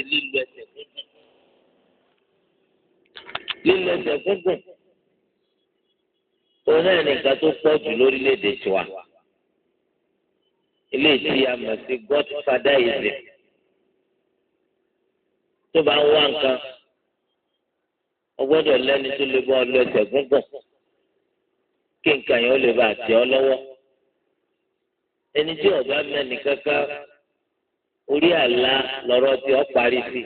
ṣe lílo ẹsẹ̀ gúngùn lílo ẹsẹ̀ gúngùn òun náà nìkan tó pọ̀ jù lórílẹ̀‐èdè tiwa ilé tí a mọ̀ sí godfather ìzẹ̀ tó bá ń wá nǹkan ó gbọ́dọ̀ lẹ́ni tó lè bọ́ ọ lọ ẹsẹ̀ gúngùn kí nǹkan yẹn ó lè bá àtẹ ọ lọ́wọ́ ẹni tí ọba mẹ́ni kankan orí àlá lọ́rọ̀ tí ó parí sí.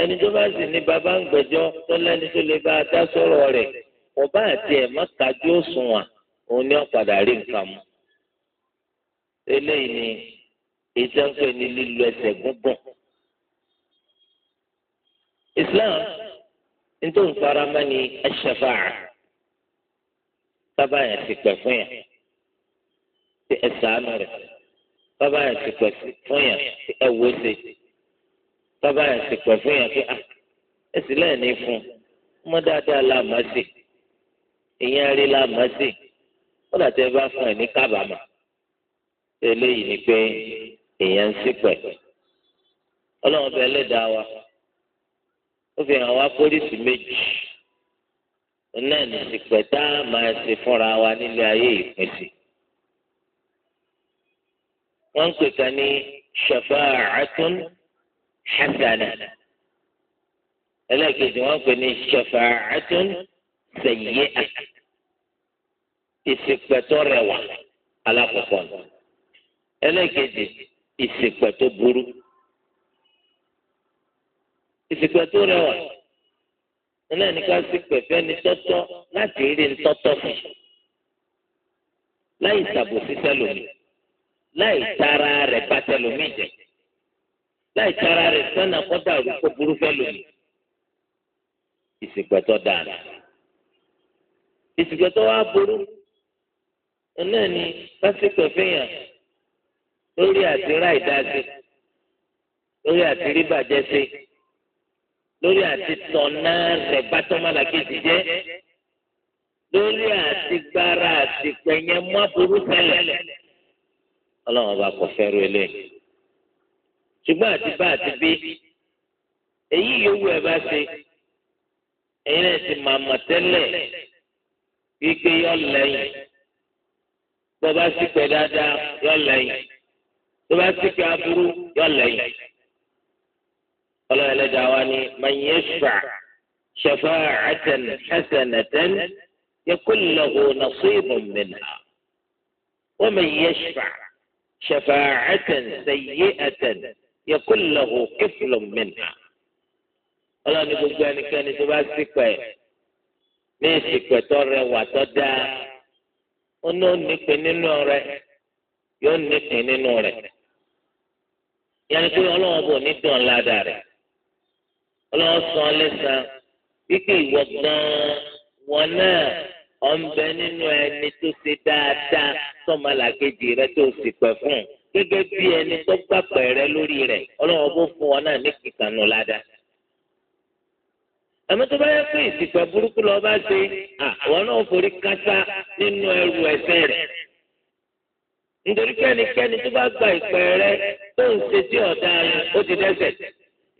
ẹni tó bá sì ní bàbá ń gbẹ́jọ́ tó lẹ́ni tó lè bá a dá sọ̀rọ̀ rẹ̀ kò bá àti ẹ̀ má kájú òṣùwọ̀n òun ni ó padà rí nǹkan mu. eléyìí ni ètò ń lílo ẹsẹ̀ gúngùn. Islam nítorí faramá ni ẹ̀ṣẹ̀fà sábà yẹn ti pẹ̀ fún yẹn ti ẹ̀sán rẹ̀ bàbá yẹn ti pẹ̀ fún yẹn ẹ wò ó ṣe bàbá yẹn ti pẹ̀ fún yẹn pé ah, ẹ sì lẹ́yìn ní fún un dáadáa la mọ̀ sí ìyẹn rí la mọ̀ sí wọ́n dàtí ẹ bá fún ẹ ní kábàámà eléyìí ni pé èèyàn ń ṣìpẹ̀ ọlọ́run bẹ lẹ́dàá wa ó fi hàn wá pólísì méjì náà ní ṣìpẹ̀ tá a máa ṣe fúnra wa nílé ayé ìpín wọ́n ń pè kan ní shafa'atun hasana ẹlẹ́ẹ̀kejì wọ́n ń pè ní shafa'atun sayyi'a ìsìpẹ̀tọ́ rẹwà alákọ̀ọ́kọ́ nù ẹlẹ́ẹ̀kejì ìsìpẹ̀tọ́ burú ìsìpẹ̀tọ́ rẹwà náà ní ká sípẹ̀ fẹ́ni tọ́tọ́ láti rí ní tọ́tọ́ fún láì ṣàbòsí sẹ́lòmíì láì tara rẹ̀ bá tẹlómìn jẹ láì tara rẹ̀ sọ́nà kọ́dà rúkọ burú lómi. ìsìgbẹ́tọ̀ dànù ìsìgbẹ́tọ̀ wa burú náà ni pásítọ̀ fẹ́yàn lórí àti ráì dá sí lórí àti rí bàjẹ́ sí lórí àti tọ̀nà rẹ̀ bá tọ́mọ́lá jẹ́ lórí àti gbára àti pẹ̀yẹ mọ́ burú tẹ́lẹ̀ ọlọ́run ọba kò fẹ́rù eléyìí ṣùgbọ́n àti bá àti bí èyí yòówù ẹ bá ṣe ẹ̀yin náà ti máa mọ̀ tẹ́lẹ̀ wípé yọ lẹ́yìn tó bá sì pẹ́ dáadáa yọ lẹ́yìn tó bá sì pẹ́ aburú yọ ọlọ́run ẹlẹ́dàá wa ni man yashfa shafa'atan hasanatan yakun lahu nasibun minha wa man yashfa. شفاعة سيئة يكون له كفل منها ọlọ́ni gbogbo ẹnikẹ́ni tó bá ṣìpẹ̀ ní ìṣìpẹ̀ tó rẹwà tó dáa ó ní onípe nínú rẹ̀ yóò nípe nínú rẹ̀ yẹnni pé ọlọ́wọ́n bò ní dùn ládà rẹ̀ ọlọ́wọ́n sọ ọ́ lẹ́sàn-án wípé ìwọ gan wọn náà ọ̀nbẹ nínú ẹni tó ṣe dáadáa sọ́mọlàkejì rẹ tó sì pẹ̀ fún gẹ́gẹ́ bí ẹni tó gbàpẹ̀ rẹ lórí rẹ̀ ọlọ́run bó fún ọ náà ní kìkànnù ládàá. àmọ́ tó bá yẹ pé ìsìnkú burúkú lọ bá ṣe àwọn náà forí kásá nínú ẹrù ẹ̀ṣẹ̀ rẹ̀. nítorí kẹ́nikẹ́ni tó bá gba ìpẹ́ rẹ tó ń ṣe tí ọ̀dà ó ti dẹ́ṣẹ̀.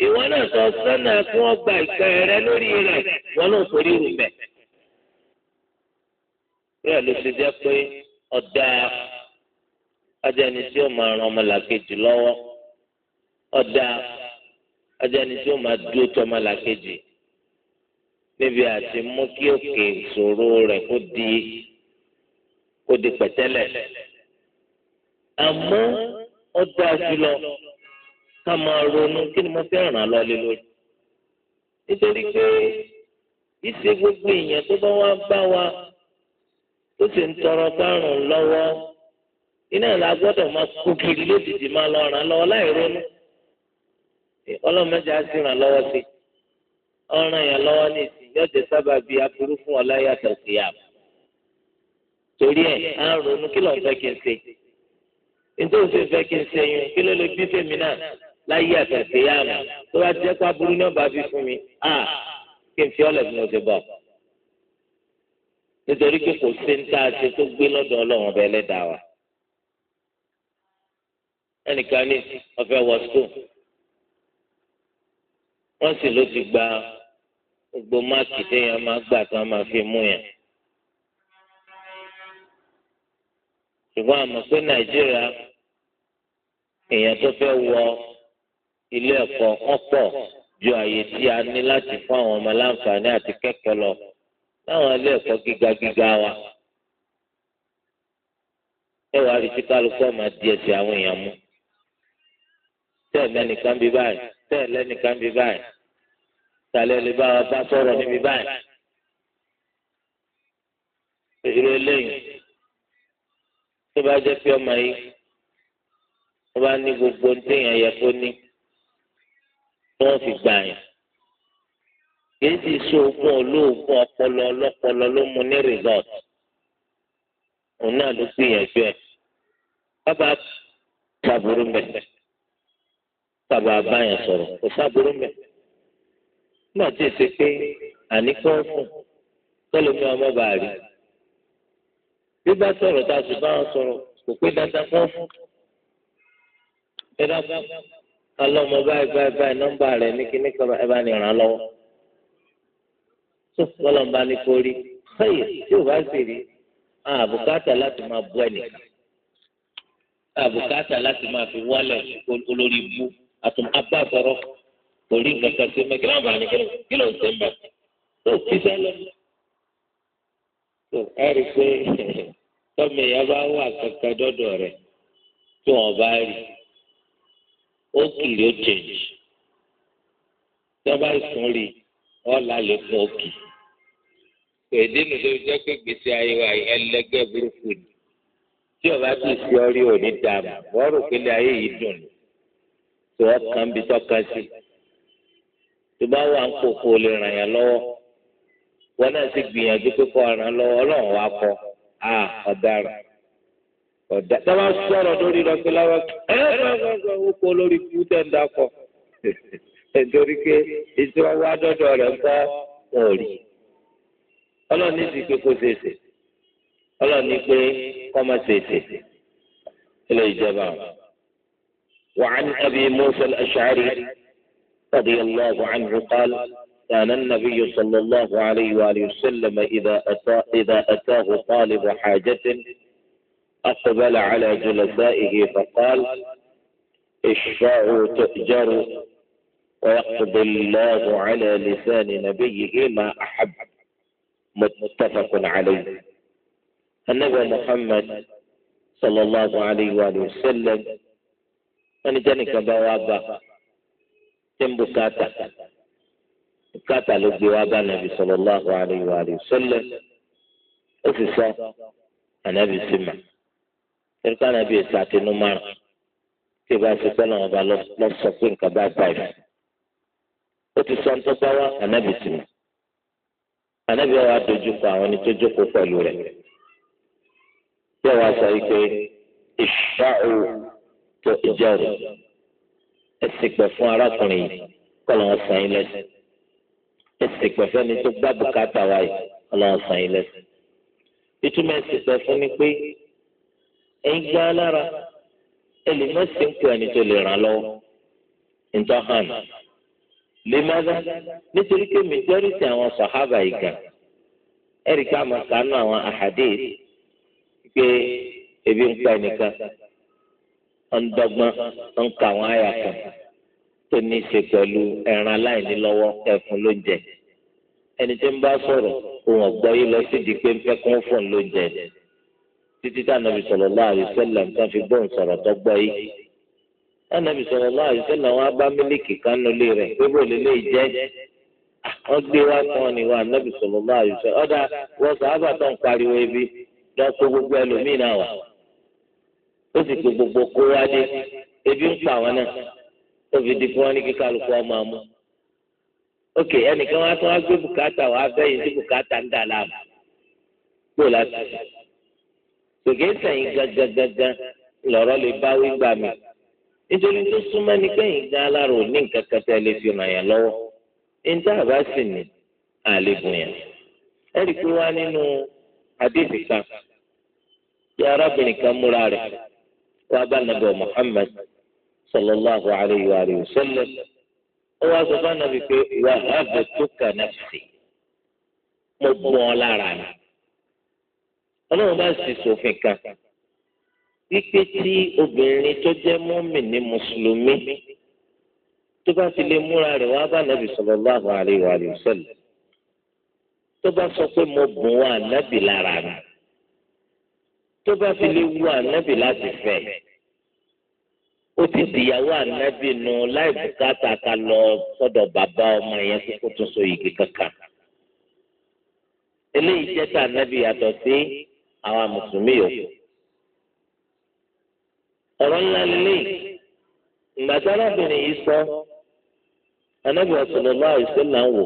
ìwọ náà sọ sọ́nà kí wọ́n gba ìpẹ́ rẹ lórí rẹ̀ wọ́n náà forí rù bẹ́ẹ̀ bẹ́ẹ̀ ló ṣe jẹ́ pé ọ̀dà ajẹni tí ó máa ran ọmọlàkejì lọ́wọ́ ọ̀dà ajẹni tí ó máa dúró tó ọmọlàkejì níbi àti mú kí òkè ìṣòro rẹ̀ kó di kó di pẹ̀tẹ́lẹ̀ àmọ́ ọ̀dà jùlọ ká máa ronú kí ni mo fẹ́ ràn án lọ lé lórí nítorí pé ìṣe gbogbo èèyàn tó bá wá bá wa tó sì ń tọrọ tọrùn lọ́wọ́ iná ìlà gbọ́dọ̀ máa kó kiri lójijì máa lọ ràn lọ́wọ́ láì ronú ọlọ́mọdé á sì ràn lọ́wọ́ sí ọ̀ràn yẹn lọ́wọ́ ní ìsìn yóò jẹ́ sábà bí aburú fún ọ láyé àtàkìyà torí ẹ̀ á ronú kí ló ń fẹ́ kí n ṣe nítorí òfin fẹ́ kí n ṣe yun kí ló lè bí fèmí náà láyé àtàkìyà mi tó bá jẹ́ pé aburú náà bá fún mi kí n fi ọ̀lẹ̀ fún mi ti bọ̀ nítorí pé kò sí níta ṣe tó gbé lọ́dọ̀ ọlọ́run ọba ẹlẹ́dàá wa. ẹnìkan ní ọ̀fẹ́ wọ school wọ́n sì ló ti gba gbogbo máàkì téèyàn máa gbà tí wọ́n máa fi mú yàn. ṣùgbọ́n àmọ́ pé nàìjíríà èèyàn tó fẹ́ wọ ilé ẹ̀kọ́ ọ̀pọ̀ ju àyè tí a ní láti fún àwọn ọmọ láǹfààní àti kẹ́kọ̀ọ́ lọ láwọn ilé ẹ̀kọ́ gíga gíga wa ẹ wàá rí tí kálukú ọmọ díẹ̀ sí àwọn èèyàn mú tẹ́ẹ̀ lẹ́nìkan bí báyìí tẹ́ẹ̀ lẹ́nìkan bí báyìí tàlẹ́ lè bá wa bá sọ̀rọ̀ níbi báyìí ìró eléyìí tó bá jẹ́ pé ọmọ yìí wọ́n bá ní gbogbo ní téèyàn yẹ kó ní tí wọ́n fi gbà yàn kìí sì sóògùn olóògùn ọpọlọ ọlọpọlọ ló mu ní resort òun náà ló gbìyànjú ẹ bàbá sàbúrú mẹ bàbá báyẹn sọ̀rọ̀ kò sàbúrú mẹ nígbà tí èsì pé àníkọ́ fún tọ́lọ́mí ọmọ bàá rí bí bá sọ̀rọ̀ tá a sì bá wọn sọ̀rọ̀ kò pé dandan kọ́ fún ẹ dábàá alọ́ ọmọ báyìí báyìí báyìí nọ́mbà rẹ̀ ní kíní kan ẹ bá ní ràn án lọ́wọ́ tó kọlọmba ni kò rí ẹyẹ tí o bá sì rí àbùkátà láti máa bú ẹnìkan àbùkátà láti máa fi wálẹ̀ olórí bú àtùm abá sọ̀rọ̀ kò rí nǹkan kan sí mẹ́kì náà bá ní kí ló ń ṣe mẹ́ tó fi sẹ́lẹ̀ tó ẹ rí pé tọ́mọ ìyá bá wà kankan dọ́dọ̀ rẹ̀ tí wọ́n bá rí ó kìlì ó jẹ̀jì tí wọ́n bá sùn rí i ọ̀là lè fún òkè. Èdè mi ló jẹ́ pé gbèsè ayé wa ẹlẹ́gẹ́ burúkú ni. Tí ọba ti fi ọrí òní dààmú, wọ́n rò pé ilé ayé yìí dùn ní. Tí wọ́n kàn bí tọ́ka sí. Tó bá wà ń kókó lè ràn yàn lọ́wọ́. Wọ́n náà sì gbìyànjú pé kọ́ ràn lọ́wọ́ ọlọ́run wa kọ́. À ọ̀daràn. Ọ̀dà táwa sọ̀rọ̀ lórí lọ́pẹ́ láwọn ẹ̀ ẹ́ ẹ́ ẹ́ ẹ́ ẹ́ ẹ́ ẹ́ ẹ́ ẹ́ ẹ́ ẹ́ ẹ́ nítorí pé ètò wá dọ́dọ̀ rẹ̀ bá wọn rí ọlọ́ọ̀ni ti pé kó ṣèṣe ọlọ́ọ̀ni pé kọ́ má ṣèṣe ilé ìjọba وعن أبي موسى الأشعري رضي الله عنه قال كان النبي صلى الله عليه وآله وسلم إذا, اتى إذا أتاه طالب حاجة أقبل على جلسائه فقال اشفعوا تؤجروا ويقضي الله على لسان نبيه ما احب متفق عليه النبي محمد صلى الله عليه واله وسلم ان جنك بوابه تنبكاتا بكاتا لو النبي صلى الله عليه واله وسلم أفسا انا بسمع كان ابي ساتي نمر كيف اسسا انا بلوصف انك بابايف ó ti sọ nítorí wá ànábì sí mi ànábì wa dojúkọ àwọn ẹni tó jókòó pẹ̀lú rẹ̀ yóò wá sọ yìí pé ìṣàrò tó ìjọ rẹ̀ ẹ sì pẹ̀ fún arákùnrin yìí kọ́ lọ́wọ́ san yín lẹ́sìn ẹ pẹ̀ fẹ́ni tó gbá bùkátà wa yìí kọ́ lọ́wọ́ san yín lẹ́sìn ìtumọ̀ ẹ pẹ̀ fún ni pé ẹ̀yin gbá lára ẹ lè mọ̀ sí ń kú ẹni tó lè ràn lọ́wọ́ nítorí hàn lèmọ́dá nítorí pé mẹjọ́rìtì àwọn sàhábà ìgà ẹ̀ríkà máa kánú àwọn àhàdéè pé ebi ń pa ẹnìkan ń dọ́gbọ́n ń ka àwọn àyà kan tó ní í ṣe pẹ̀lú ẹran aláìní lọ́wọ́ ẹ̀fún ló jẹ ẹni tí ń bá sọ̀rọ̀ òun ọ̀gbọ́n yìí lọ sí di pé ń fẹ́ kún fún ló jẹ títí tá ànábì sallallahu alaihi wasallam nǹkan fi gbóhùn sọ̀rọ̀ tó yìí ẹnabi sọ̀rọ̀ lọ àìsílẹ wọn bá mílíkì kánú lé rẹ gbogbo lílé jẹ wọn gbé wá fún ọ níwá ẹnabi sọ̀rọ̀ lọ àìsílẹ ọdà wọn sàábà tó ń pariwo ebi lọ kó gbogbo ẹlòmíì náà wà ó sì pé gbogbo kó wá dé ebi ń pa àwọn náà ó fi di fún wọn ní kíkà lóko ọmọ àmú ok ẹnìkan wá tó wá gbé bùkátà wá fẹ̀yìn sí bùkátà ń dà láàmú gbó láti gbègé sẹ́yìn gangan gangan lọ̀rọ̀ lè bá wí gbà mí nítorí tó súnmọ́ ni kẹ́yìn gan alára ò ní nǹkan kan tí a lè fi ràn yàn lọ́wọ́ níta àbá sì ní àlebùn yàn ẹ̀rí pé wá nínú àdéhùn kan tí arábìnrin kan múra rẹ̀ wá bá nàbẹ̀ Muhammad sallallahu alayhi wa sallam ó wá sọ fún nàbẹ̀ pé ìwà àbẹ̀ tó kà nafsi mo bọ́ ọ lára ni ọlọ́run bá sì sòfin kan wípé tí obìnrin tó jẹ́ mọ́mì ní mùsùlùmí tó bá fi lè múra rẹ̀ wá bá nàbì sallallahu alaihi wa sallam tó bá sọ pé mo bùn wá nàbì lára mi tó bá fi lè wú ànábì láti fẹ́ ó ti dìyàwó ànábì nu láì bùkátà ká lọ sọ́dọ̀ bàbá ọmọ yẹn kí kó tún so yìgì kankan eléyìí jẹ́ tá ànábì yàtọ̀ sí àwọn mùsùlùmí yòókù. ọ̀rọ̀ ńlá lélẹ́yìí ìgbà tí arábìnrin yìí sọ anábì sallallahu alaihi wasallam wò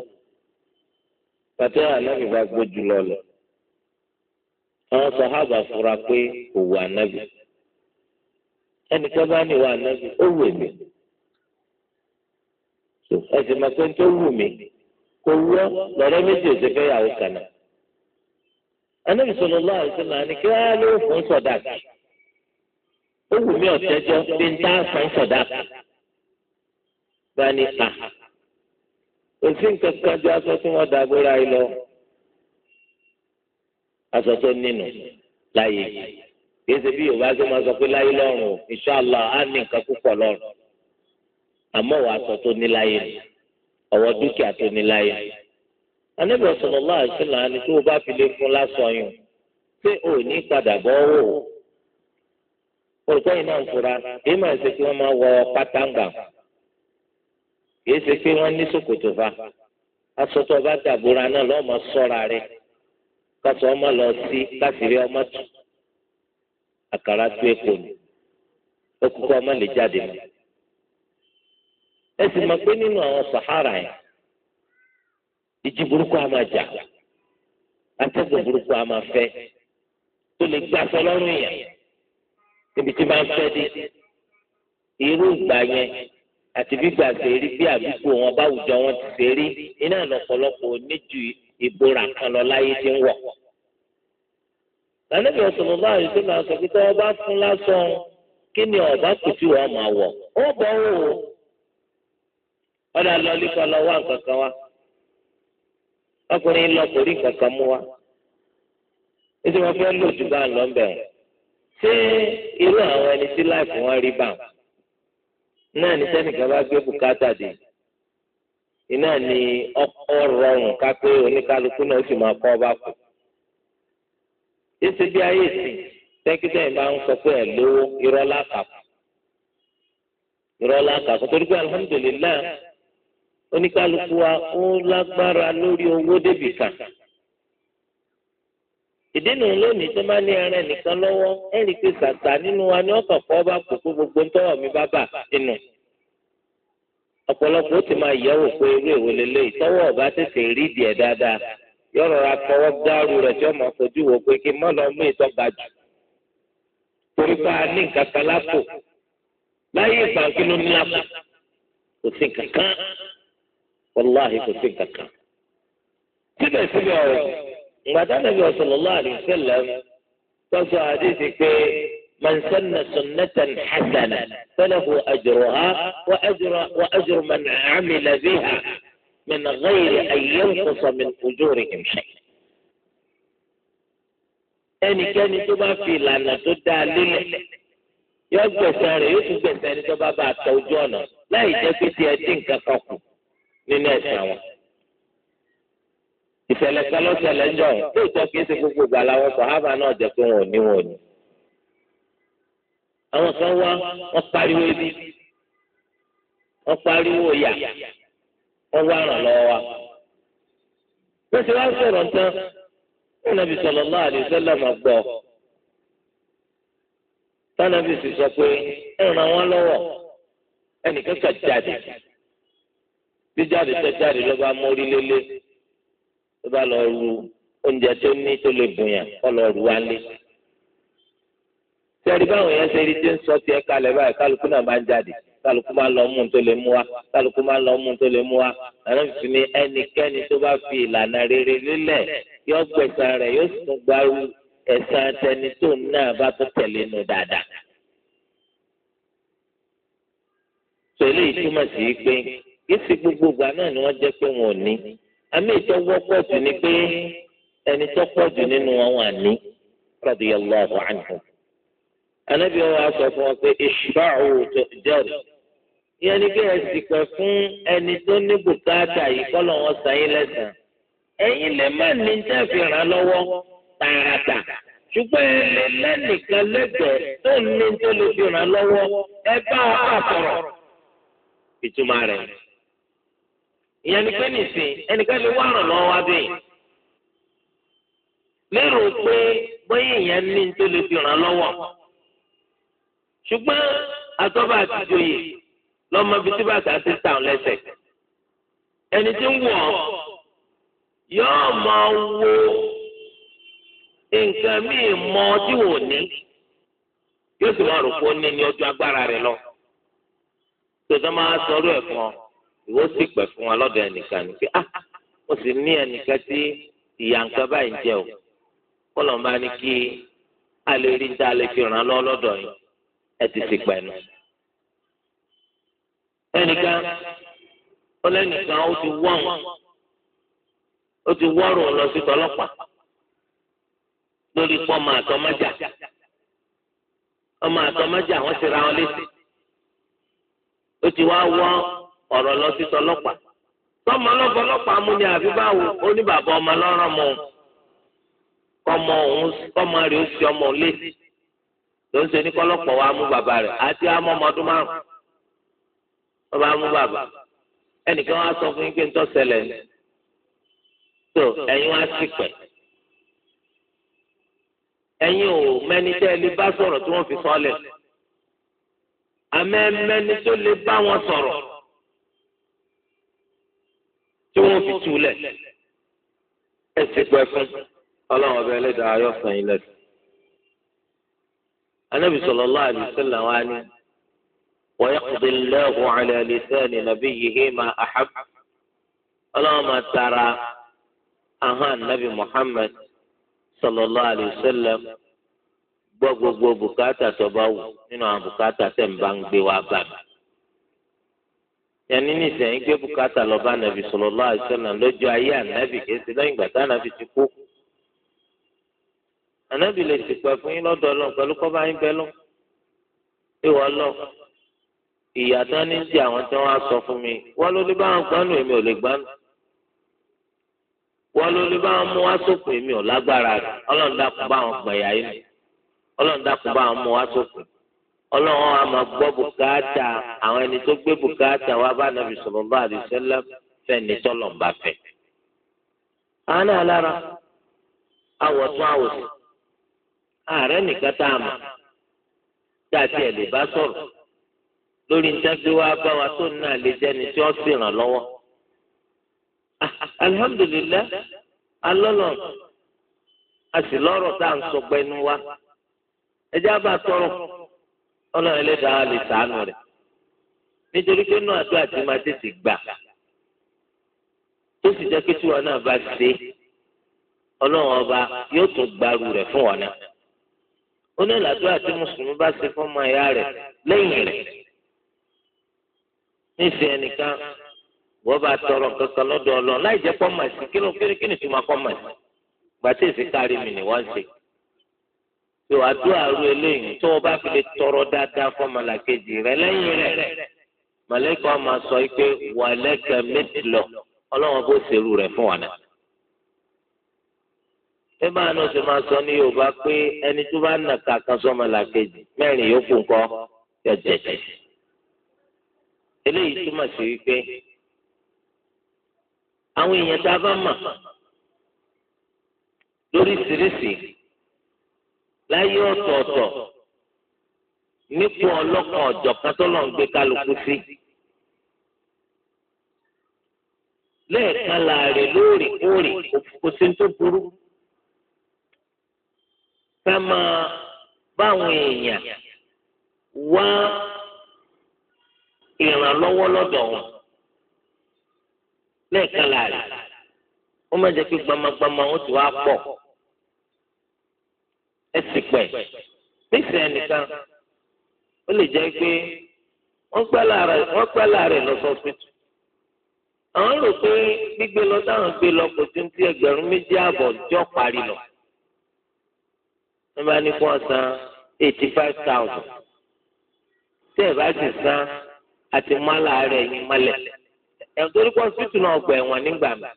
pàtẹ anábì bá gbójú lọlọ àwọn sàhábà fura pé òwò anábì ẹnìkan bá ní ìwà anábì ó wù mí ẹ sì tó wù mí kò wú ọ méjì ò ti fẹ́ yàwó kànáà anábì ó wù mí ọ̀tẹ́jọ́ bí n dá san sọ̀dá bá ní ta òfin kankan ju aṣọ tí wọ́n dàgbóra yìí lọ aṣọ tó nínú láyé kìí ṣe bí yorùbá ṣe máa sọ pé láyé lọ́rùn o inṣàlá á ní nǹkan púpọ̀ lọ́rùn àmọ́ wàá sọ tó ní láyé ni ọ̀wọ́ dúkìá tó ní láyé ni. anábìyàn sọ̀rọ̀ ni tí o bá fi lè fún lásán yìí ṣé o ní padà bọ́ wò ó. olùkọ́ ịma náà ń fura èyí máa ṣe kí wọ́n máa wọ pátáǹgà kìí ṣe pé wọ́n ní ṣòkòtò fa asọ́tọ̀ bá dàbúra náà lọ́ọ́ máa sọ́ra rẹ̀ kásọ̀ ọmọ lọ sí kásìrí ọmọ tù àkàrà tó epo ni ó ọmọ lè jáde mọ́ ẹ sì pé nínú àwọn yẹn ìjì burúkú máa níbi tí máa ń fẹ́ dé irú ìgbà yẹn àti gbígbà sèrí bí àbíkú wọn báwùjọ wọn ti sèrí iná lọ́pọ̀lọpọ̀ oníjù ìbora kan lọ láyé ti ń wọ̀. lànàbí ọ̀sọ̀rọ̀ bá àyùsọ náà sọ pé tí wọ́n bá fún lásán kí ni ọ̀bá kù tí wọ́n máa wọ̀ ó bọ̀ wò ó. ọ̀dà lọ lípa lọ wá nǹkan kan wá ọkùnrin lọ kò rí nǹkan kan mú wá. ètò wọn fẹ́ lò jù bá ń lọ bẹ̀rẹ̀. ṣé irú àwọn ẹni tí láìpẹ́ wọn rí bá náà ní sẹ́nìkan bá gbé bùkátà dé iná ni ọkọ rọrùn kápé oníkálukú náà ó sì máa kọ́ ọ bá kù. si bí ayé ìsìn tẹ́kítẹ́yìn bá ń sọ pé ẹ̀ lówó irọ́ irọ́ torí pé oníkálukú ìdínà lónìí tó máa ní ẹran nìkan lọ́wọ́ ẹ̀rí pé sàtà nínú wa ní ọkàn kọ́ bá kó mi bá bà ọ̀pọ̀lọpọ̀ ó ti máa yẹ̀wò pé irú èwo lélẹ́yìí tọ́wọ́ tètè rí ìdìẹ̀ dáadáa yọ̀rọ̀ ra tọwọ́ fojú wo pé kí mú jù. torí ní nǹkan kan lápò láyé ìgbà kí ló ní lápò kò sí wàláhì gbàtà nàbí sallallahu alayhi wa sallam tọ́sọ àdìsí pé man sanna sunnatan hasanatan falahu ajruha wa ajru man 'amila biha min ghayri an yanqusa min ujurihim shay'an. ẹnikẹ́ni tó bá fi ìlànà tó dáa lélẹ̀ yóò gbẹ̀sẹ̀ rẹ̀ yóò tún gbẹ̀sẹ̀ ẹni tó bá bá a tọ ọ̀nà láì jẹ́ pé tiẹ̀ dín nǹkan kan kù nínú ẹ̀sìn àwọn. ìṣẹ̀lẹ̀ kan ló ṣẹlẹ̀ ń jọ yẹn tó ìtọ́ kìí ṣe gbogbo ìgbà làwọn sọ̀hábà náà jẹ́ pé wọn ò ní wọn ò ní. àwọn kan wa. wọ́n ti wá sọ̀rọ̀ tán wọn nàbì sọ pé ẹ ràn jáde bí jáde tẹ jáde ló bá mórí tó bá lọ ru oúnjẹ tó ní tó lè bùn yàn kọ́ lọ ru wálé. sẹ́ẹ̀rí báwọn yẹn ṣe rí tí ń sọ tiẹ̀ kalẹ̀ báyìí kálukú náà bá ń jáde kálukú máa lọ mú un tó lè mú wa kálukú máa lọ mú un tó lè mú wa àná fi ni ẹnikẹ́ni tó bá fi ìlànà rere lélẹ̀ yóò gbẹ̀san rẹ̀ yóò sùn gbárù ẹ̀san tẹni tó náà bá tó tẹ̀lé nu dáadáa. sọ eléyìí sí pé kí sí gbogbo ìgbà náà ni wọ́n jẹ́ pé wọn ò ní àmì ìtọ́ wọ́pọ̀ jù ni pé ẹni tó pọ̀ jù nínú wọn wà ní radiyallahu anhu. Ànábì wa sọ fún wọn pé ishfa'u tu'jaru. Ìyẹn ni pé ẹ̀sìn pẹ̀ fún ẹni tó ní bùkátà yìí kọ́lọ̀ wọn sàyìn lẹ́sàn-án. lè má ní jẹ́ fi ràn án Ṣùgbọ́n ẹ lè lẹ́nìkan lẹ́gbẹ̀ẹ́ tó ní tó lè fi lọ́wọ́ ẹ bá a sọ̀rọ̀. Ìtumọ̀ rẹ̀ ni ìyẹn ni pé nìsín ẹnìkan lè wá ràn lọ́wọ́ wá bẹ́ẹ̀ lérò pé bóyá ìyẹn ní tó lè fi ràn lọ́wọ́ ṣùgbọ́n àtọ́ba àtijọ́yè lọ́mọ bíi tí bàtà ti tàn lẹ́sẹ̀ ẹni tí ń wọ̀ yóò máa wo nǹkan míì mọ tí wò ní yóò sì máa rò pé ó ní ní ojú agbára rẹ̀ lọ tòótọ́ máa sọ ọ̀rọ̀ ẹ̀ fún ọ ìwọ sì pẹ̀ fún wa lọ́dọ̀ ẹnìkan ni pé ah mo sì ní ẹnìkan tí ìyá nǹkan báyìí ń jẹ o kọlọ̀ bá ní kí a lè rí níta lè fi ràn lọ́ lọ́dọ̀ yìí ẹ ti sì pẹ̀ nù. ẹnìkan ó lẹ́nìkan ó ti wọ́ wọn ó ti wọ́rùn lọ sí tọlọ́pàá lórí pọ́ máa tọ́ ọmọ àtọmọ́jà wọ́n ti ra wọn létí ó ti wá wọ́n ọ̀rọ̀ lọ sí tọlọ́pàá tọmọ ọlọ́pàá mú ni àbí báwo ó ní bàbá ọmọ lọ́rọ̀ mọ́ kọmọ òun kọmọ rẹ̀ ó fi ọmọ létí ló ń ṣe ní kọlọ́pàá wa mú bàbá rẹ̀ àti àmọ́ ọmọdún márùn ọba mú bàbá ẹnìkan wá sọ fún yín pé ń tọ́ ṣẹlẹ̀ ni tó ẹ̀yin wá sì pẹ̀ ẹ̀yin ò mẹ́ni tẹ́ ẹ lè bá sọ̀rọ̀ tí wọ́n fi sọ́lẹ̀ àmẹ́ mẹ́ni tó lè bá wọn sọ̀rọ̀ wọ́n fi túlẹ̀ ẹ ti pẹ́ fún ọlọ́run ọba ẹlẹ́dàá ayọ́ sàn yín lẹ́sìn. النبي صلى الله عليه وسلم قال ويقضي الله على لسان نبيه ما أحب اللهم ترى أها النبي محمد صلى الله عليه وسلم gbogbo bùkátà tó bá wù nínú àwọn bùkátà tẹ̀ ń bá ń gbé wá bá yẹnni nísìnyí gbé bùkátà lọ bá nàbì sallallahu alaihi wasallam lọ́jọ́ ayé ànábì kéésì lẹ́yìn gbàtà ànábì ti kú. ànábì lè sì pẹ́ fún yín lọ́dọ̀ Ọlọ́run pẹ̀lú kọ́ bá yín bẹ́ lọ. ìwọ lọ ìyàtọ̀ ní ti àwọn tí wọ́n sọ fún mi wọ́n ló lè bá gbánú èmi ò lè gbánú. wọ́n ló lè bá mú wá sókun èmi ò lágbára rẹ̀ ọlọ́run dákun bá gbẹ̀yà yín ọlọ́run dákun bá mú wá sókun ọlọ́run a máa gbọ́ bùkátà àwọn ẹni tó gbé bùkátà wá bá nàbì sallallahu alaihi wasallam fẹ́ni tọ́lọ̀ ń bá fẹ́. àwọn náà lára awọ tún awọ sí ààrẹ nìkan tá a mọ̀ tá a tiẹ̀ lè bá sọ̀rọ̀ lórí ntẹ́gbẹ́ wa bá wa tó náà lè jẹ́ni tí ó sì ràn lọ́wọ́. alhamdulillah alọ́lọ́ a sì lọ́rọ̀ tá à ń sọ gbẹnu wa ẹ jẹ́ àbá tọrọ ọlọ́run ẹlẹ́dàá lè sàánú rẹ̀ nítorí pé náà àdúrà tí máa tètè gbà tó sì jẹ́ pé tí wọn náà bá ṣe ọlọ́run ọba yóò tún gbaru rẹ̀ fún wọn náà ó ní ìlàdúrà tí mùsùlùmí bá ṣe fún ọmọ ìyá rẹ̀ lẹ́yìn rẹ̀ níṣẹ́ ẹnìkan wọ́n bá tọrọ nǹkan lọ́dọ̀ ọlọ́run láì jẹ́ pọ́ màsí kí kí ni tí wọ́n kọ́ màsí gbàtẹ́ ìsìnkárí mi ni wọ́n ń ṣe tó àdúrà ru eléyìí tó o bá fi lè tọrọ dáadáa fún ọmọlàkejì rẹ lẹ́yìn rẹ mọlẹkọ máa sọ pé wàlẹkẹ mẹtìlọ Ọlọ́run bó ṣerú rẹ fún wa náà. ẹ máa ní oṣù máa sọ ní Yorùbá pé ẹni tó bá nà kankan sọ ọmọlàkejì mẹ́rin yòókù ńkọ́ jẹjẹjẹ. eléyìí túmọ̀ sí wípé àwọn èèyàn tá a bá mọ̀ lóríṣiríṣi. láyé ọ̀tọ̀ọ̀tọ̀ nípò ọlọ́kan ọ̀jọ̀kan tó lọ́n gbé kálukú sí. lẹ́ẹ̀kan láàrin lóòrèkóòrè kò sí tó burú. ká máa èèyàn wá ìrànlọ́wọ́ lọ́dọ̀ wọn lẹ́ẹ̀kan láàrin ó má jẹ́ gbamagbama ti wá ẹsìn pẹ̀ nísìn ẹnìkan ó lè jẹ́ pé wọ́n gbá láàárẹ̀ lọ sọ́sìtì àwọn rò pé gbígbé lọ táwọn gbé lọ kò tún ti ẹgbẹ̀rún méjì ààbọ̀ jọ parí lọ wọ́n bá ní kí wọ́n san eighty five thousand tẹ́ ẹ̀ bá sì san àti mọ́lá rẹ̀ yín mọ́lẹ̀ ẹ̀ torí pọ́sítù náà gbọ̀ ẹ̀wọ̀n nígbà mìíràn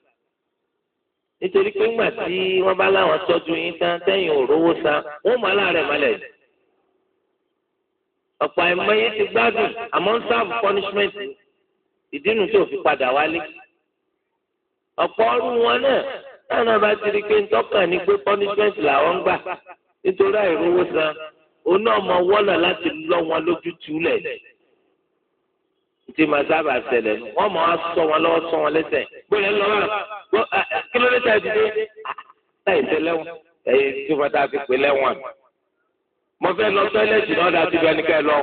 nítorí pé ńgbà tí wọ́n bá láwọn tọ́jú yín tán tẹ́yìn ò rówó san wọ́n mọ̀ aláàrẹ̀ mọ́lẹ̀ yìí. ọ̀pọ̀ àìmọ̀ yín ti gbádùn àmọ́ ń sáàbù punishment ìdínú tó fi padà wálé. ọ̀pọ̀ ọrùn wọn náà táwọn náà bá ti rí i pé ntọ́kàn ni pé punishment làwọn ń gbà nítorí àìrówó san oná ọmọ wọ́lọ̀ láti lọ́ wọn lójú túlẹ̀ tí màá sábà ṣẹlẹ̀ nù wọ́n máa sọ wọn lọ́wọ́ sọ wọn lẹ́sẹ̀ gbọ́dọ̀ ń lọ wà kí ló dé tẹ̀ dìde ah, láì fẹ́ lẹ́wọ̀n ẹ̀yẹ tí wọ́n dá fi pè lẹ́wọ̀n mo fẹ́ lọ tọ́lẹ̀tì náà dá ti bẹ́ẹ̀ ní kẹ́ lọ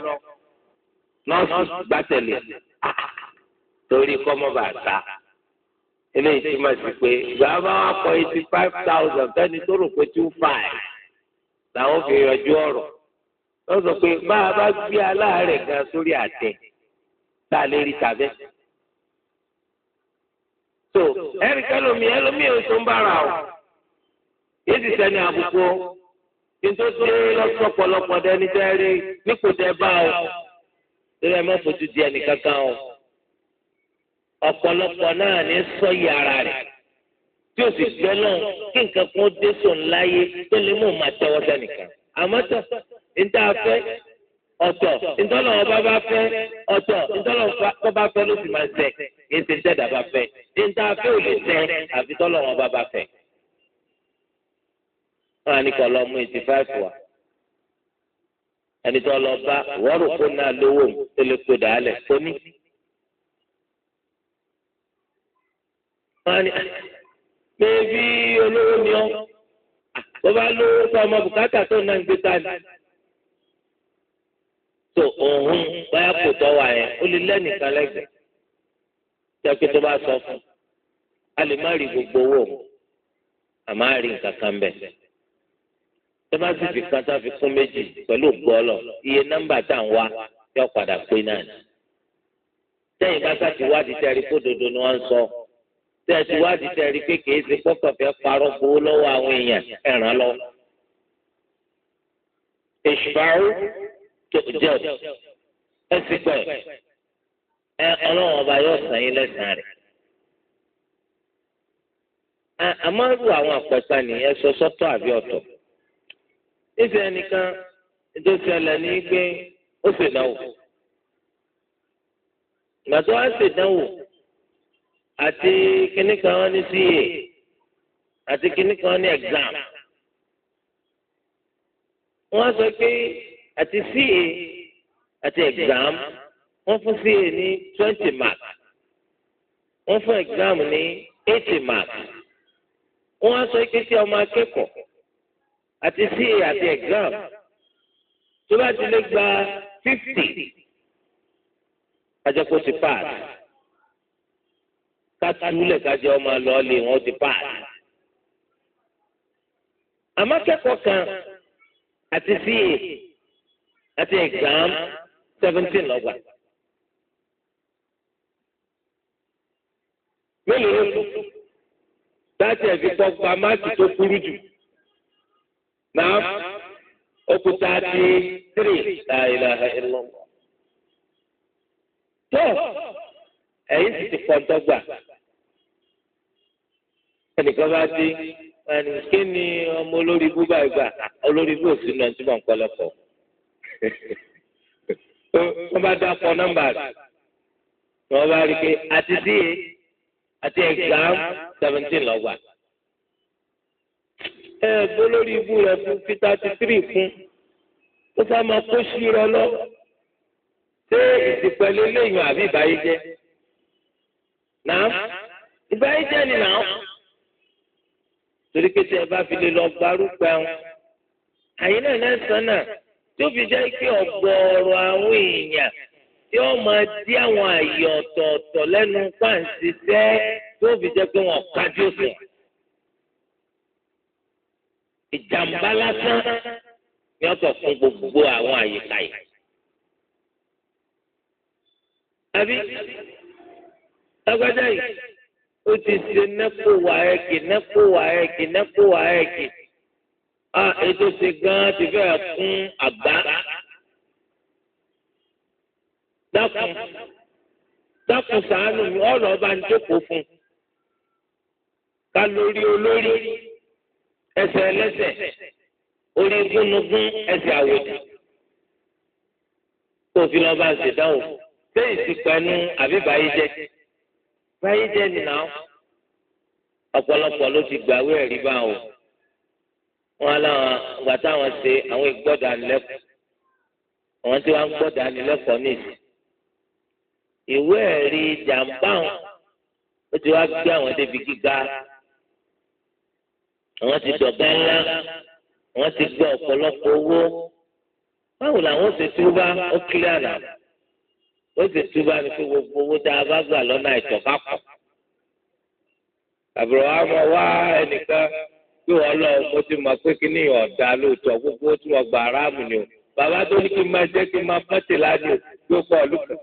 nọ́ọ̀sì gbàtẹ̀lẹ̀ ah, torí kọ́mọ́bà ta eléyìí tí màá sì pé ìgbà bá wà kọ eighty five thousand fẹ́ni tó rò pé two five làwọn fi yanjú ọ̀rọ̀ wọ́n pé bá a bá gbé aláàárẹ̀ gan sórí àtẹ tá a lè rí tàbẹ́. tó ẹ̀rí kẹlòmí ẹlòmí ò tó ń bára o yìí ti sẹ́ni àbùkù o kí n tó tó lọ́sọ̀ pọ̀lọpọ̀ dẹni tẹ́ rí nípò tẹ́ bá o torí ẹ má fojú di ẹnì kankan o ọ̀pọ̀lọpọ̀ náà ní sọ́yì ara rẹ̀ tí o sì fẹ́ náà kí nǹkan kan dé sùn láyé tó lè mú màtẹ́wọ́ sẹ́nìkan àmọ́ tó ń tá a fẹ́ ọ̀tọ̀ ìtọ́lọ̀ ọba bá fẹ́ ọ̀tọ̀ ìtọ́lọ̀ ọba fẹ́ ló sì máa ṣẹ èsì tẹ̀dá bá fẹ́ níta fẹ́ ò lè tẹ àfi tọ́lọ̀ ọba bá fẹ́. wọn àní kọ lọ mú eighty five wa ẹni tó lọ bá wọ́ọ̀rù kó náà lówó tó lè kó dàálẹ̀ kó ní. wọn àní bébí olówó ni ọ bó lówó kọ ọmọ bùkátà tó náà ń gbé ta tó òun báyà kò tọ́ wà yẹn ó lè lẹ́nìkan lẹ́gbẹ̀ẹ́ tí a pé tó bá sọ fún a lè má rí gbogbo owó àmọ́ a rí nǹkan kan bẹ́ẹ̀ tó bá sì fi kan tá a fi kún méjì pẹ̀lú gbọ́lọ̀ iye nọ́mbà tá à ń wá yóò padà pé náà ni sẹ́yìn bá sáti wádìí tẹ́ ẹ̀rí kódodo ni wọ́n ń sọ tẹ́ ẹ̀ ti wádìí tẹ́ ẹ̀rí pé kìí ṣe pọ́kàn fẹ́ parọ́ gbowó lọ́wọ́ àwọn èèyàn ẹ̀ràn lọ. ìṣùbàrú jẹ́ ẹ sì pẹ́ ẹ ọlọ́run ọba yóò san yín lẹ́sàn-án rẹ̀. àmọ́ irú àwọn àpẹta nìyẹn sọ sọ́tọ̀ àbí ọ̀tọ̀. níṣẹ́ nìkan tó ṣẹlẹ̀ ní pé ó ṣèdánwò. ìgbà tó wá ṣèdánwò àti kíní kan wọ́n ní CA àti kíní kan wọ́n ní exam. wọ́n sọ pé àti ca àti exam wọ́n fún ca ní twenty mark wọ́n fún exam ní eighty mark wọ́n á sọ pé tí ọmọ akẹ́kọ̀ọ́ àti ca àti exam tó bá ti lè gba fifty kájọpọ̀ ti pass kátúlẹ̀ kájọ ọmọ lọ́ọ̀lì wọn ti pass àmọ́ akẹ́kọ̀ọ́ kan àti ca. I think exam seventeen lọ́gbà. Mélòó ló kù? Láti ẹ̀fí kọ́ gba máàkì tó kúrú jù. Náà òkúta di tírì láìlà ẹ̀lọ́. Tó ẹ̀yìn sì ti kọ́ dọ́gba. Ẹnìkan bá dé, kí ni ọmọ olórí ibú báyìí gbà? Olórí ibú ò tí mò ń kọ́ lọ́kọ̀ọ́. wọ́n bá dákọ nọ́mbà rẹ̀ wọ́n bá rí i pé àti díè àti exam seventeen lọ́gbà. ẹ gbọ́ lórí ibú rẹ̀ fún fita ti tírì fún ó sá máa kó sí rẹ lọ ṣé ìsìpẹ̀lẹ̀ léyìn àbí ìbáyéjẹ́ náà ìbáyéjẹ́ ni náà torí pé tí ẹ bá fi lè lọ gbarú pẹ́ àyínà náà sọ náà tó fi jẹ́ pé ọ̀gọ̀ọ̀rọ̀ àwọn èèyàn tí wọ́n máa dí àwọn àyè ọ̀tọ̀ọ̀tọ̀ lẹ́nu pàǹsí sẹ́ tó fi jẹ́ pé wọ́n kájú fún un. ìjàmbá lásán ni wọ́n sọ fún gbogbo àwọn àyíká yìí. àbí lágbájá yìí ó ti ṣe nẹ́pọ̀ wàhẹ́kì nẹ́pọ̀ wàhẹ́kì nẹ́pọ̀ wàhẹ́kì. Ah, ètò ṣe gan ti fẹ́ kún àgbá dákun dákun ṣàánú mi ọ̀rọ̀ ọba ń jókòó fún ká lórí olórí ẹsẹ̀ ẹlẹ́sẹ̀ orí gúnugún ẹsẹ̀ àwòdì kó fi lọ́ba ṣèdáhùn sẹ́yìn ti pẹ̀lú àbí bàyíjẹ́ bàyíjẹ́ nìyàwó ọ̀pọ̀lọpọ̀ ló ti gbàwé ẹ̀rí báwọn wọn aláwọn ìgbà táwọn ṣe àwọn ìgbọ́dọ̀ ànilẹ́kọ̀ọ́ àwọn tí wọ́n ń gbọ́dọ̀ ànilẹ́kọ̀ọ́ nìyí ìwé ẹ̀rí jàǹbá wọn ó ti wá gbé àwọn débi gíga àwọn ti dọ̀gá ńlá àwọn ti gbọ́ ọ̀pọ̀lọpọ̀ owó báwo làwọn ṣe túbá ó kílẹ̀ àná ó sì túbá ní pé gbogbo owó tá a bá gbà lọ́nà ìtọ́ká pọ̀ àbúrò wa mọ̀ wá ẹnìkan pé wọn lọ mo ti mọ pé kí ni ọ̀dà lóòótọ́ gbogbo tí wọn gba aráàmù ni o bàbá tó ní kí n máa jẹ́ kí n máa pọ́tì ládìó yóò pọ̀ lùkù.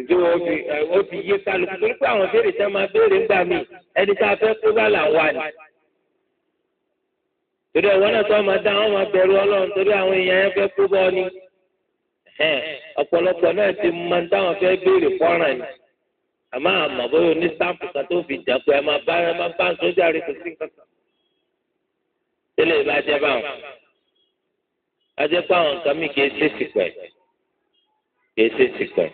ìdí wọn fi ó ti yé kálukú torí pé àwọn béèrè tẹ́ máa béèrè ńgbà mí ẹni tá a fẹ́ kó bá là ń wà ní. torí ẹ̀wọ́n náà tó máa dá wọn máa bẹ̀rù ọlọ́run torí àwọn èèyàn yẹn fẹ́ kó bọ́ ni. ọ̀pọ̀lọpọ̀ náà ti máa ń dáwọn fẹ́ béèrè fọ́ràn ni àmọ́ àmọ́ bóyá ní sáǹpù kan tó fi jẹ́ pé ẹ máa bá ẹ máa bá sójà rẹ kò sí kankan. tẹ́lẹ̀ bá jẹ́ báwọn a jẹ́ pé àwọn nǹkan mi kìí ṣe sìpẹ́ kìí ṣe sìpẹ́.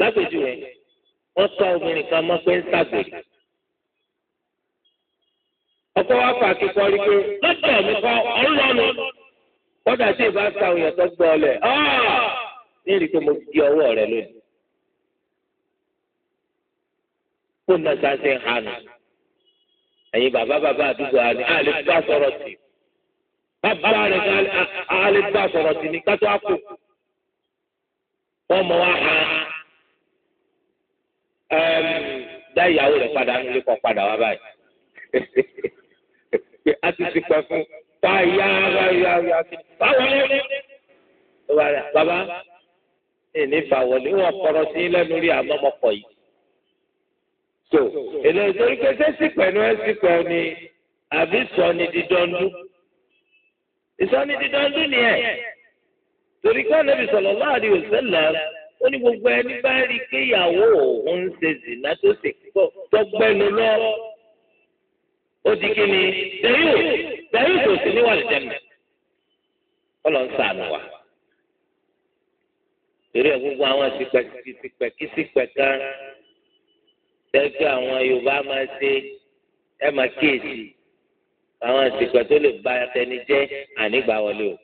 lápèjúwe wọ́n tọ́ obìnrin kan mọ́ pé ń ṣàgbèrè. ọkọ wa fà kíkọ rí pé lọ́tọ̀ mi kọ́ ọlọ́nu kọ́dà tí ì bá sa òyìnbó gbọ́ ọ lẹ̀ ọ́ ní ìrìkọ́ mo di ọwọ́ rẹ lónìí. kó nà sáṣẹ hànú ẹ̀yin bàbá bàbá àdúgbò àná àlè bá sọ̀rọ̀ sí bàbá rẹ̀ ká àlè bá sọ̀rọ̀ sí ní kátó àpò wọ́n mọ̀ wá hàn dá ìyàwó rẹ̀ padà nílé kan padà wá báyìí a ti ti pẹ́ fún ta ya ya ya ya báwo ni bàbá ẹ̀ ní ìfàwọlé wọn kọ̀rọ̀ sí lẹ́nu rí àmọ́ yìí tó èlé ìtòrí kété sí pẹ̀lú ẹ̀sìn pẹ̀lú ni àbí sọ́ni dídọ́ndú ìsọ́ni dídọ́ndú ni ẹ̀ torí ká nàbì sallallahu alaihi wasallam ó ní gbogbo ẹni bá rí i kéyàwó òun ń ṣe zìnà tó sì pọ̀ tọgbẹ́nu lọ ó di kí ni dẹ́yù dẹ́yù tó sì níwà lẹ́jẹ̀ mẹ́ ọlọ́ ń sànù wa torí ẹ̀ gbogbo àwọn sípẹ̀ sípẹ̀ kí sípẹ̀ kan tẹ́kí àwọn Yorùbá máa ṣe ẹ máa kíyèsí àwọn àsìkò tó lè ba ẹni jẹ́ ànígbà wọlé o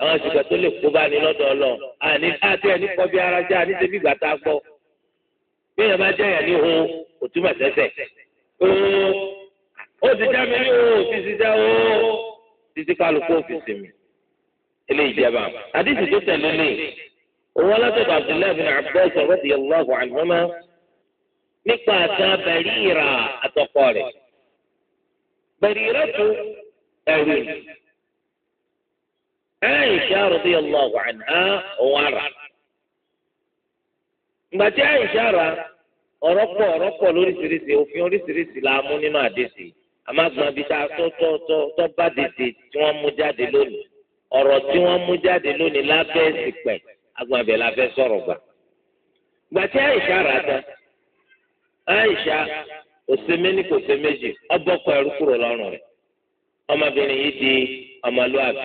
àwọn àsìkò tó lè kó báni lọ́dọ̀ Ọlọ́run àní àti ẹni kọ́ bí ara jẹ́ àní ṣe bí ìgbà tá a gbọ́ bí èèyàn bá jẹ́ èèyàn ní hun kò túmọ̀ sẹ́sẹ̀ ó ti já mi rí o ti ti já o títí kálukú òfìsì mi eléyìí jẹba àdìsí tó tẹ̀lé lè òun alátọ̀dọ̀ Abdullahi bin Abbas radiyallahu anhuma. nípa àtàn bẹ̀rìíra àtọkọ rẹ̀ bẹ̀rìíra tó ẹ̀rù Aisha allah anha òun ara ìgbàtí Aisha ra ọ̀rọ̀ pọ̀ lóríṣiríṣi òfin oríṣiríṣi la mú nínú àdéṣe bíi a tó tó tó tó bá dèdè tí wọ́n mú jáde lónìí ọ̀rọ̀ tí wọ́n mú jáde lónìí lábẹ́ ẹ̀sìn pẹ̀ la fẹ́ sọ̀rọ̀ gbà. Aisha ra ta. aisha òsèmé ní kò sé ọbọkọ ẹrú kúrò lọ́rùn rẹ̀ ọmọbìnrin yìí di ọmọlúwàbí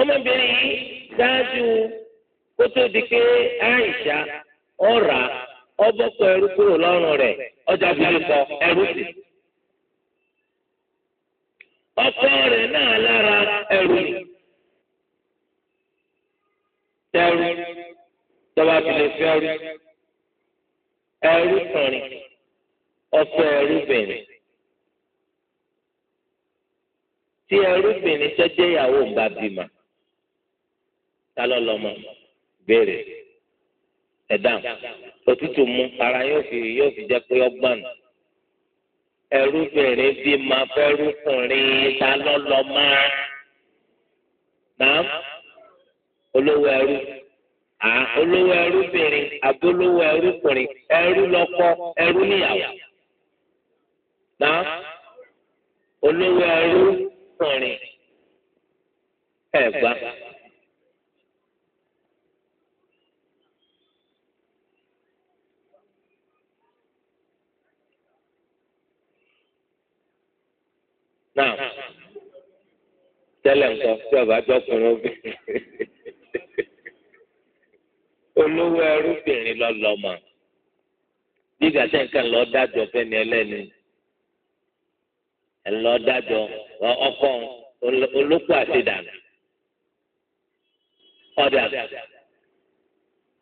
ọmọbìnrin yìí ṣáájú kó tó di aisha ọ̀rà ọbọkọ ẹrú kúrò lọ́rùn rẹ̀ ọjà bílùkọ ẹrú sí ọkọ rẹ̀ náà lára ẹrú ni ẹrú kùnrin ọsọ ẹrú bìnrin tí ẹrú bìnrin tó jẹ́ ìyàwó ń bá bímọ ta ló lọ́mọ béèrè ẹ̀dá òtútù mú ara yóò fi yóò fi jẹ́ pé ọgbọ́n nù ẹrú bìnrin bímọ fẹ́rú kùnrin ta ló náà olówó ẹrú olówó ẹrúbìnrin àbólówó ẹrúkùnrin ẹrú lọ́kọ ẹrú níyàwó náà olówó ẹrúkùnrin ẹgbà. náà tẹ́lẹ̀ nǹkan tí ọba jọkùnrin obìnrin. olówó ẹrúbìnrin lọlọmọ nígbà tẹ nǹkan lọ dájọ fẹmi ẹlẹni ẹlọ dájọ ọkọ olókùn àtidànù ọdà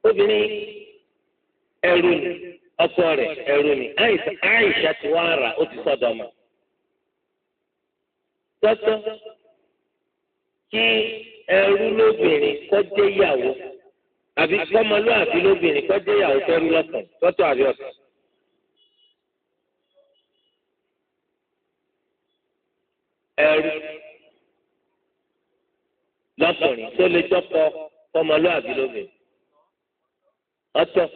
obìnrin ẹrú ni ọkọ rẹ ẹrú ni àìsà tí wàá rà ó ti sọdọ mọ tọtọ kí ẹrú lóbìnrin kọjá ìyàwó. àbí kọ́mọlúàbí lóbìnrin kọ́ dé ìyàwó tó rí lọ́sàn tọ́tọ̀ àbí ọ̀sán. ẹrú lọkùnrin tó lè jọpọ kọ́mọlúàbí lóbìnrin ọ̀tọ̀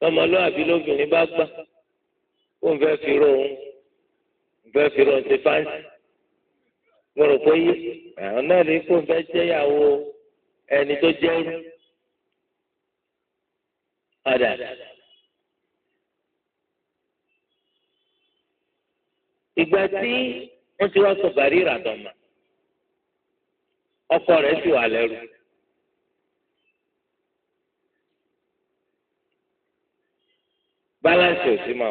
kọ́mọlúàbí lóbìnrin bá gbà kó n fẹ́ fi ró òun n fẹ́ fi ró òun ṣe fáńsì mo rò pé àwọn náà lè kó n fẹ́ jẹ́yàwó ẹni tó jẹ́rú. آداب ìgbà tí wọ́n ti wá sọ bàrírà dọ̀mà ọkọ rẹ̀ sì wà lẹ́rù. o si ma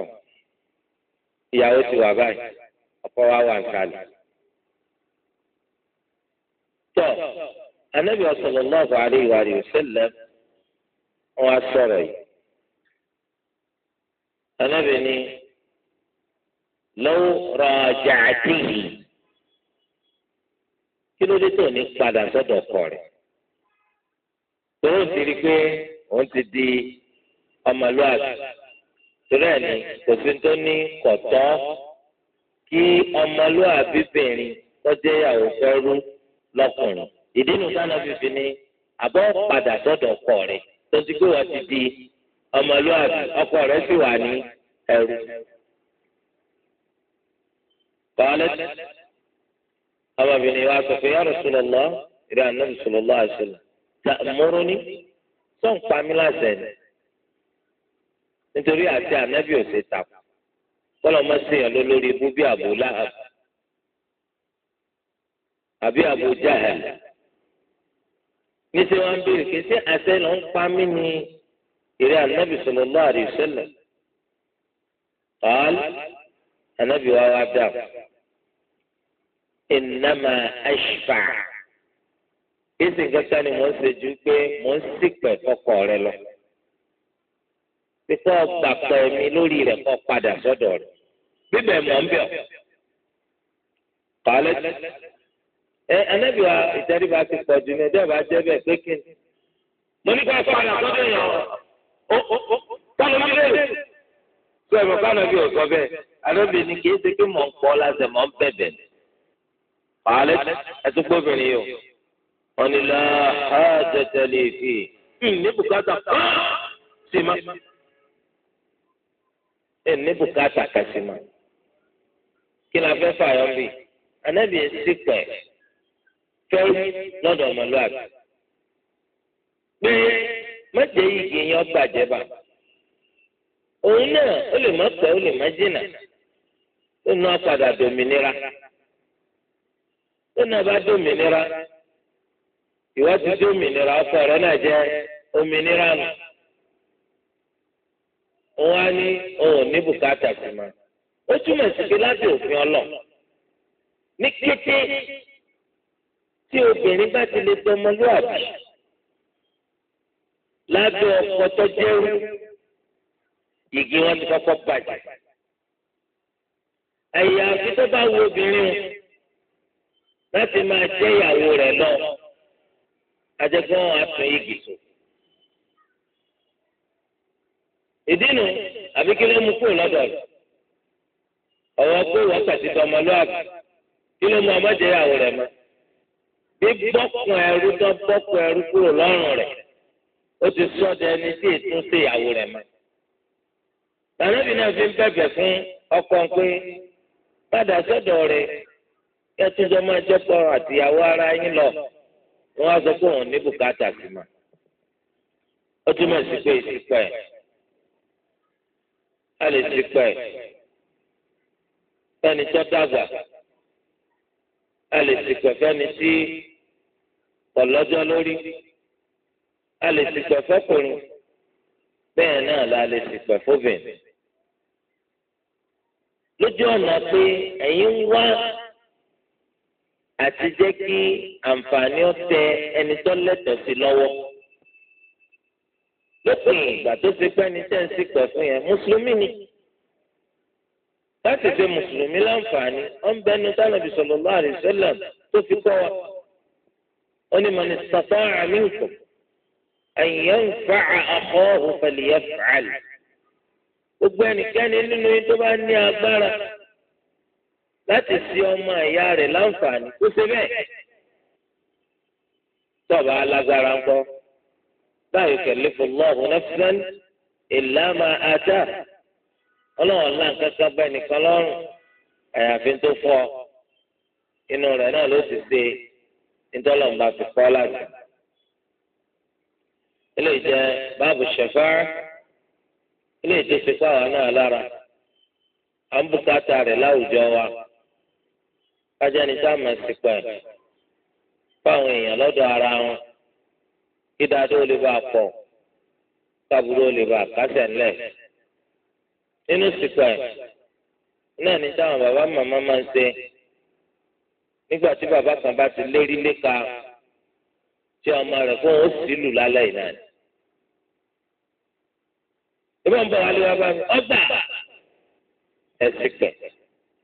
ìyàwó ti wà báyìí ọkọ wa wà nkàlẹ̀. tọ́ anábìyà sallallahu alaihi wa sallam. wọn á sọ̀rọ̀ yìí Ànábì ní law raja'tihi kí ló dé tó ní padà sọ́dọ̀ ọkọ rẹ̀ tó ń ti rí pé òun ti di ọmọlúwàbí torí ẹ̀ kò sí tó ní kọ̀tọ́ kí ọmọlúwàbí bìnrin tọ́jú ìyàwó fẹ́ rú ìdí nìkan náà fífi ní àbọ̀ padà sọ́dọ̀ ọkọ rẹ̀. tonti pé wọ́n ti di ọmọlúwàbí ọkọ rẹ̀ sì wà ní ẹrú. Bàálẹ̀ ọmọbìnrin wa sọ pé iri sùlọ̀lọ́ ìrẹ́ ànábì sùlọ̀lọ́ àṣìlẹ̀ ní sọ̀ ń pa mí láṣẹ ni. Nítorí àti ànábì ò ṣe tàkù. Kọ́lọ̀ lólórí ibú bí àbí níṣẹ́ wọn béèrè pé ṣé àṣẹ ló ń pa mí ní eré anábì sallallahu alaihi wasallam ọ̀hán anábì wa wá dà innama ashfa èsì kankan ni mò ń ṣe ju pé mò ń ṣìpẹ̀ fọkọ rẹ lọ pípọ́ gbàpọ̀ mi lórí rẹ̀ kọ́ padà sọ́dọ̀ rẹ̀ bíbẹ̀ mọ̀ ń bẹ̀ ọ́ kọ́lẹ́tì ẹ ẹnẹ́bí wa ìtẹríba ti pọ̀ jù ní ẹjọ́ bá jẹ́ bẹ́ẹ̀ pé kí ni. mo ní ká fọ àná sọ́dọ̀ yẹn o kánú mi lè sọ ẹ̀rọ kánú bí o sọ bẹ́ẹ̀ alóbi ni kì í ṣe pé mọ̀ ń pọ̀ lásẹ̀ mọ̀ ń bẹ̀bẹ̀ wàhálẹ́ ẹtú gbóbìnrin yìí o wọn ni lọ ha tẹtẹ lè fi ní bùkátà sí ma ní bùkátà kà sí ma kí la fẹ́ fà yọ bí anábìyẹn sí pẹ̀. fẹ́ẹ́ lọ́dọ̀ ọmọlúwàbí pé mọ̀jẹ̀ igi yẹn ọgbàjẹ́ bá òun náà ó lè má pẹ́ ó lè má jìnà tó padà dòmìnira tó náà bá dòmìnira ìwádìí dòmìnira ọkọ rẹ náà jẹ òmìnira nù òun á ní òun ní bùkátà sí ma ó túmọ̀ sí pé láti tí obìnrin bá ti lè tọmọlúwàbí lábẹ́ ọkọ tó jẹ́rú igi wọn ti kọ́kọ́ bàjẹ́. ẹ̀yà àfi tó bá wo obìnrin láti máa jẹ́ ìyàwó rẹ̀ lọ ajẹ́gbọ́n àtún igi tó. ìdínú àbí kí ló mú kúrò lọ́dọ̀ rẹ̀ ọ̀wọ́ kó wọ́n kàtí tọmọlúwàbí kí ló mú ọmọ ìyàwó rẹ̀ mọ́ bí bọ́kùn ẹrú tó bọ́kùn ẹrú kúrò lọ́rùn rẹ̀ ó ti sọ́dọ̀ ẹni tí ètún sí ìyàwó rẹ̀ mọ́. Tànàbí náà fi ń bẹ̀bẹ̀ fún ọkọ pé padà sọ́dọ̀ rẹ̀ kẹ́tùjọ́ máa jẹ́ pọ̀ àtìyàwó ara yín lọ. Wọ́n á sọ pé òun ní bùkátà sí ma. Ó túmọ̀ sí pé ìsìnkú ẹ̀. A lè sìnkú ẹ̀. Fẹ́ni tó dàgbà. A lè sìnkú ẹ̀ fẹ́ni tí. Si kọlọ́jọ́ lórí a lè sì pẹ̀ fọ́kùnrin bẹ́ẹ̀ náà la lè sì pẹ̀ fóbìnrin lójú ọ̀nà pé ẹ̀yin ń wá àti jẹ́ kí àǹfààní ọ̀tẹ ẹni tó lẹ́tọ̀ọ́ sí lọ́wọ́ lópin ìgbà tó ti pẹ́ ní sẹ́ǹsì pẹ̀ fún yẹn mùsùlùmí ni láti fi mùsùlùmí láǹfààní ọ̀nbẹ́nu tánàbì sallallahu alaihi wasallam tó fi kọ́ wa onímọ̀ni sọ̀tọ́ àmínkù ẹ̀yẹ́ ń fa àkọ́ òfẹ̀lìyẹ́ fàálì. gbogbo ẹnikẹ́ni nínú yín tó bá ní agbára láti ṣe ọmọ ìyá rẹ̀ láǹfààní kó ṣe bẹ́ẹ̀. tọ́ba alágbára ń bọ́ báyìí kẹ̀lé fọlọ́ọ̀hún nafsan ìlànà ajá ọlọ́run náà kankan nìkan lọ́rùn àyàfi tó fọ́ inú rẹ̀ náà ló ti ṣe nítorí ọ̀nba fi kọ́ láti. ilé jẹ́ báàbù ṣẹ̀fá ilé jẹ́ fipá wa náà lára à ń bùkátà rẹ̀ láwùjọ wa kájá ni sáà máa sì pẹ̀ fáwọn èèyàn lọ́dọ̀ ara wọn kí dáadọ́ lè bá a pọ̀ kábúrò lè bá a kásẹ̀ ńlẹ̀ nínú sì náà ni táwọn bàbá màmá máa ń ṣe nígbà tí bàbá kan bá ti lérí léka tí ọmọ rẹ̀ fún òun sì lù lálẹ́ yìí náà ìbọn bọ̀ wálé wá bá mi ọgbà ẹ sì kẹ̀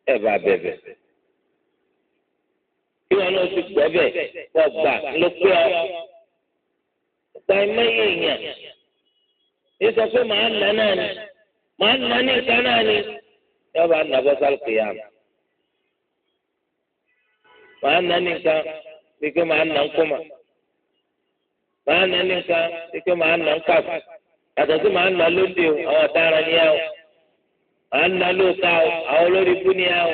ẹ bá bẹ̀bẹ̀ kí wọn náà ti gbọ́ bẹ̀ wọ́n gbà ló pé ọ gba ẹ mẹ́yẹ èèyàn yìí sọ pé màá nà náà ni màá nà ní ìka náà ni yọba nàbọ́sálùkì yàrá. màá nà nìkan bí pé màá nà nkúmà màá nà nìkan bí pé màá nà nkàfù yàtọ̀ sí màá nà lóde o àwọn ọ̀daràn ni ẹ o màá nà lóòótá o àwọn olórí ikú ni o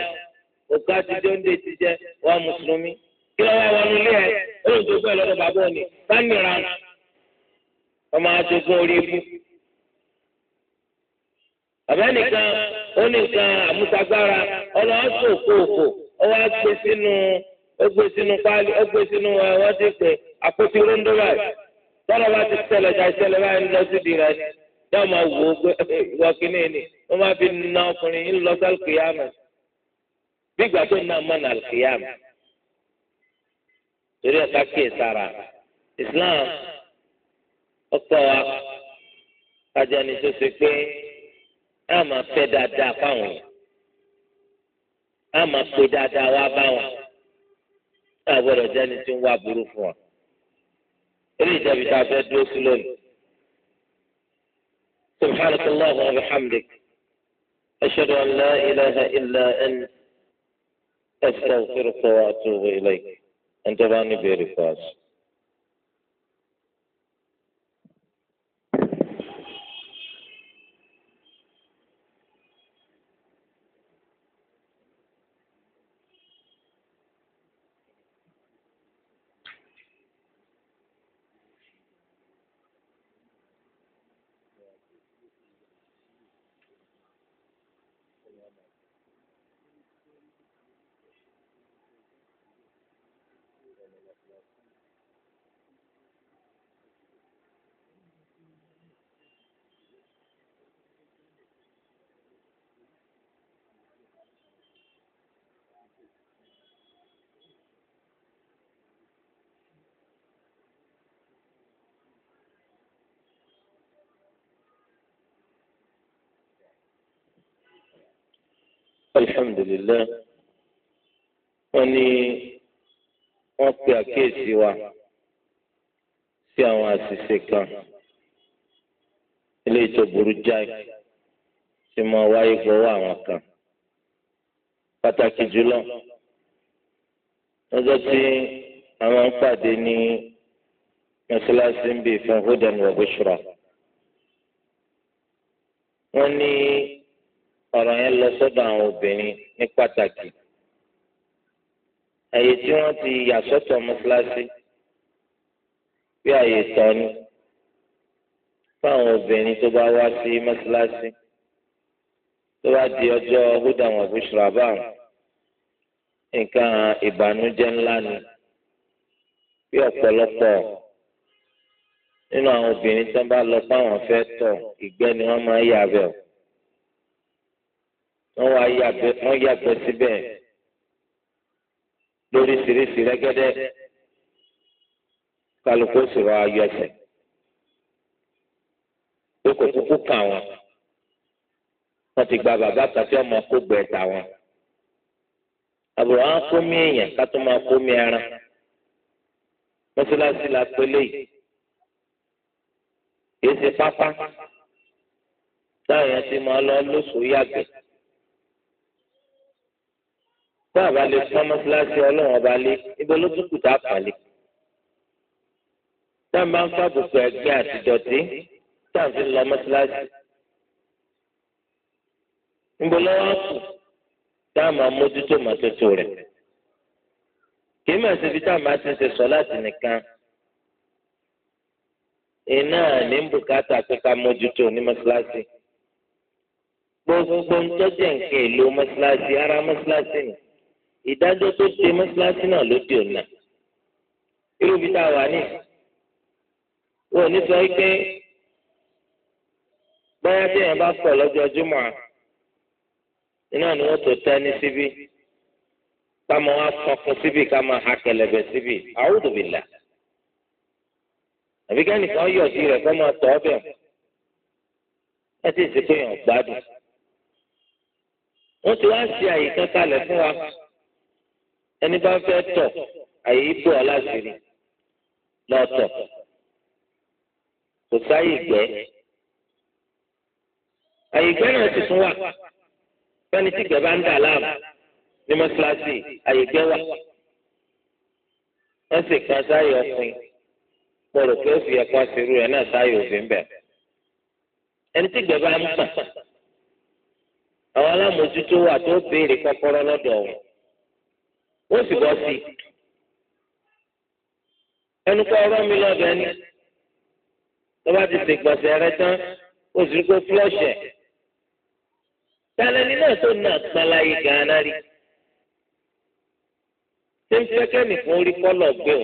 òkú ti jẹ wọn mùsùlùmí kí lọ́wọ́ àwọn ilé ẹ olóòótọ́ bẹ́ẹ̀ lọ́dọ̀ bàbá òní orí ikú bàbá ẹgbẹ́ sínú páálí ẹgbẹ́ sínú ẹ̀wọ́n ti pè àpótí rondo báyìí tọ́lọ̀ bá ti tẹ̀lẹ̀ jà ìṣẹ̀lẹ̀ báyìí lọ sí ìdí rẹ̀ yóò máa wò ó pé ìwọ kìíní ni wọ́n máa fi na ọkùnrin yìí lọ sálù kìyàmù bí ìgbà tó náà mọ̀ nàlù torí ẹ̀ ká kíyè sára Islam ọkọ wa kájà ni tó ṣe pé a máa fẹ́ dáadáa fáwọn a máa pe dáadáa wá báwọn ẹ gbọ́dọ̀ jẹ́ni tí ń wá burú fún ọ. eré ìjẹ́bi tá a fẹ́ dúró sí lónìí. سبحانك اللهم وبحمدك أشهد أن لا إله إلا أنت أستغفرك وأتوب إليك أنت باني بيري فاس alhamdulilayi wọ́n ní wọ́n pe àkíyèsí wa sí àwọn àṣìṣe kan ilé tó burú jáì tí mo wáyé gbọ́wọ́ àwọn kan pàtàkì jùlọ lọ́jọ́ tí àwọn pàdé ní mọ́ṣáláṣí ń bè fún hudan wa bushra wọ́n ní ọ̀rọ̀ yẹn lọ sọ́dọ̀ àwọn obìnrin ní pàtàkì àyè tí wọ́n ti yà sọ́tọ̀ mọ́ṣáláṣí bí àyè tọ́ ni fáwọn obìnrin tó bá wá sí mọ́ṣáláṣí tó bá di ọjọ́ húdàn wọ̀bù ṣùràbàm nǹkan ìbànújẹ́ ńlá ni bí ọ̀pọ̀lọpọ̀ nínú àwọn obìnrin tó bá lọ fáwọn fẹ́ tọ̀ ìgbẹ́ ni wọ́n máa yà bẹ́ẹ̀ wọ́n wá yàgbẹ́ wọ́n yàgbẹ́ síbẹ̀ lóríṣiríṣi rẹ́gẹ́dẹ́ kálukú sọ̀rọ̀ ayọ̀ ẹsẹ̀ pé kò kúkú kà wọ́n wọ́n ti gba bàbá kàtí ọmọ kó gbẹ̀ tà wọ́n àbùrọ̀ wọn kó mi èèyàn ká tó máa kó mi ẹran mọ́sálásí la pé léyìí èsì pápá táwọn yẹn ti máa lọ lóṣù yàgbẹ́ tá a bá lè fún mọ́sálásí ọlọ́run ọba lé ibo ló tún kù tá a kàn lé. tá a máa ń fàbùkù ẹgbẹ́ àtijọ́tí tá a fi lọ mọ́sálásí. níbo ló wá kù tá a máa mójútó mọ́tótó rẹ̀. kì í mà síbi tá a máa ti ń ṣe sọ láti nìkan. iná ní bùkátà pé mójútó ní mọ́sálásí. gbogbo ń tọ́jú nǹkan èlò mọ́sálásí ara mọ́sálásí ni ìdájọ́ tó ṣe mọ́sálásí náà ló di ọ̀nà irú ibi tá a wà ní wọn ò ní sọ pé bóyá téèyàn bá pọ̀ lọ́jọ́ júmọ̀ iná ni wọ́n tó tẹ́ ní síbí ká máa wá sọkun síbí ká máa ha kẹlẹ̀bẹ̀ síbí a'udhu billah àbí ká nìkan yọ̀ sí rẹ̀ kó máa tọ́ ọbẹ̀ ẹ sì sí pé èèyàn gbádùn wọ́n ti wá ṣe àyíká kalẹ̀ fún wa. ẹni bá fẹ́ tọ̀ àyè ibò aláṣìírí lọ́tọ̀ kò sáyè gbẹ́ àyè gbẹ́ náà sì tún wà fẹ́ni tí gbẹ́ bá ń dà láàmú ní mọ́ṣáláṣí àyè gbẹ́ wà wọ́n sì kan sáyè pé ó fi ẹ̀kọ́ àṣírú rẹ̀ náà sáyè òfin bẹ̀ ẹni tí gbẹ́ bá ń pà àwọn alámòjútó wà tó ó sì bọ́ sí i ẹnu kọ́ ọ̀rọ̀ mi lọ́bẹ̀ ni tó bá ti ṣègbọ̀nsẹ̀ rẹ tán ó sì rí pé fúlọ́ọ̀ṣẹ̀ tálẹ́ni náà tó nà pàlàyé gánà rí ṣé ń fẹ́ kẹ́mi fún orí kọ́lọ̀ gbé o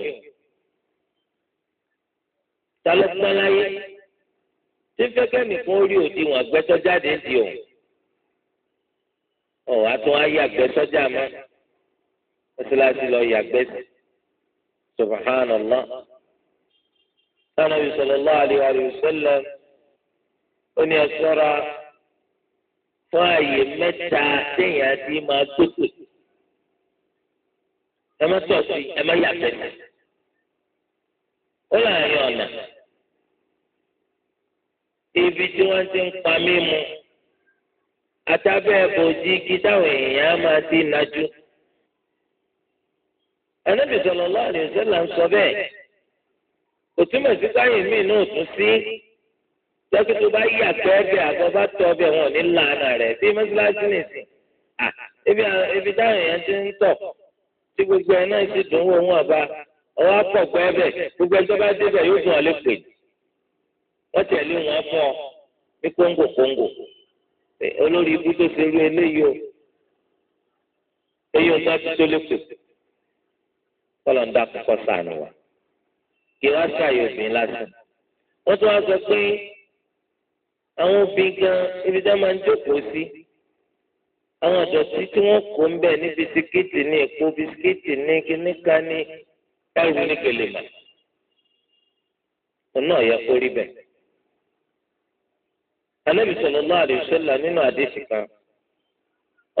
ta ló pàlàyé ṣé ń fẹ́ kẹ́mi fún orí òdiwọ̀n àgbẹ̀sọ́jáde ń di o ọ̀ àtún ayé àgbẹ̀sọ́jà máa mọ́sálásí lọ yàgbẹ́ sí subahana allah sanabi sallallahu alayhi wa sallam ó ní ẹ̀ṣọ́ra fún ààyè mẹ́ta téèyàn ti máa gbèsè ẹ má tọ̀ sí ẹ má yàgbẹ́ sí ó láàárín ọ̀nà ibi tí wọ́n ti ń pa mímu àtàbẹ̀ bòjì igi táwọn èèyàn máa ti nájú. Ànábì sallallahu alaihi wasallam ń sọ bẹ́ẹ̀ òtúmọ̀ sí káyọ̀ míì náà tún sí jẹ́kí tó bá yà tọ́ ọbẹ̀ àgọ́ bá tọ́ ọbẹ̀ wọn ní làánà rẹ̀ bí mọ́sálásí nìsín ibi táwọn èèyàn ti ń tọ̀ tí gbogbo ẹ̀ náà ti dùn wọ́n wọn bá ọwọ́ pọ̀ gbọ́ gbogbo ẹjọ́ bá débẹ̀ yóò dùn ọ́ pè wọ́n tẹ̀lé wọn fún ọ ní kóńgò kóńgò olórí ibú ṣe rú eléyìí o eléyìí o ti tó lè pè kọ́lọ̀ ń dákun kọ́ sànù wa kí wá ṣàyè obìnrin lásán wọ́n tún wá sọ pé àwọn obìnrin gan ibi tí wọ́n máa ń jókòó sí àwọn àdọ̀tí tí wọ́n kó ń bẹ̀ ní bisikíìtì ní èpo bisikíìtì ní kíníkà ní táìwù ní kèlèmà òun náà yẹ kó rí bẹ́ẹ̀. Ànábì sallallahu alaihi wasallam nínú àdéhùn kan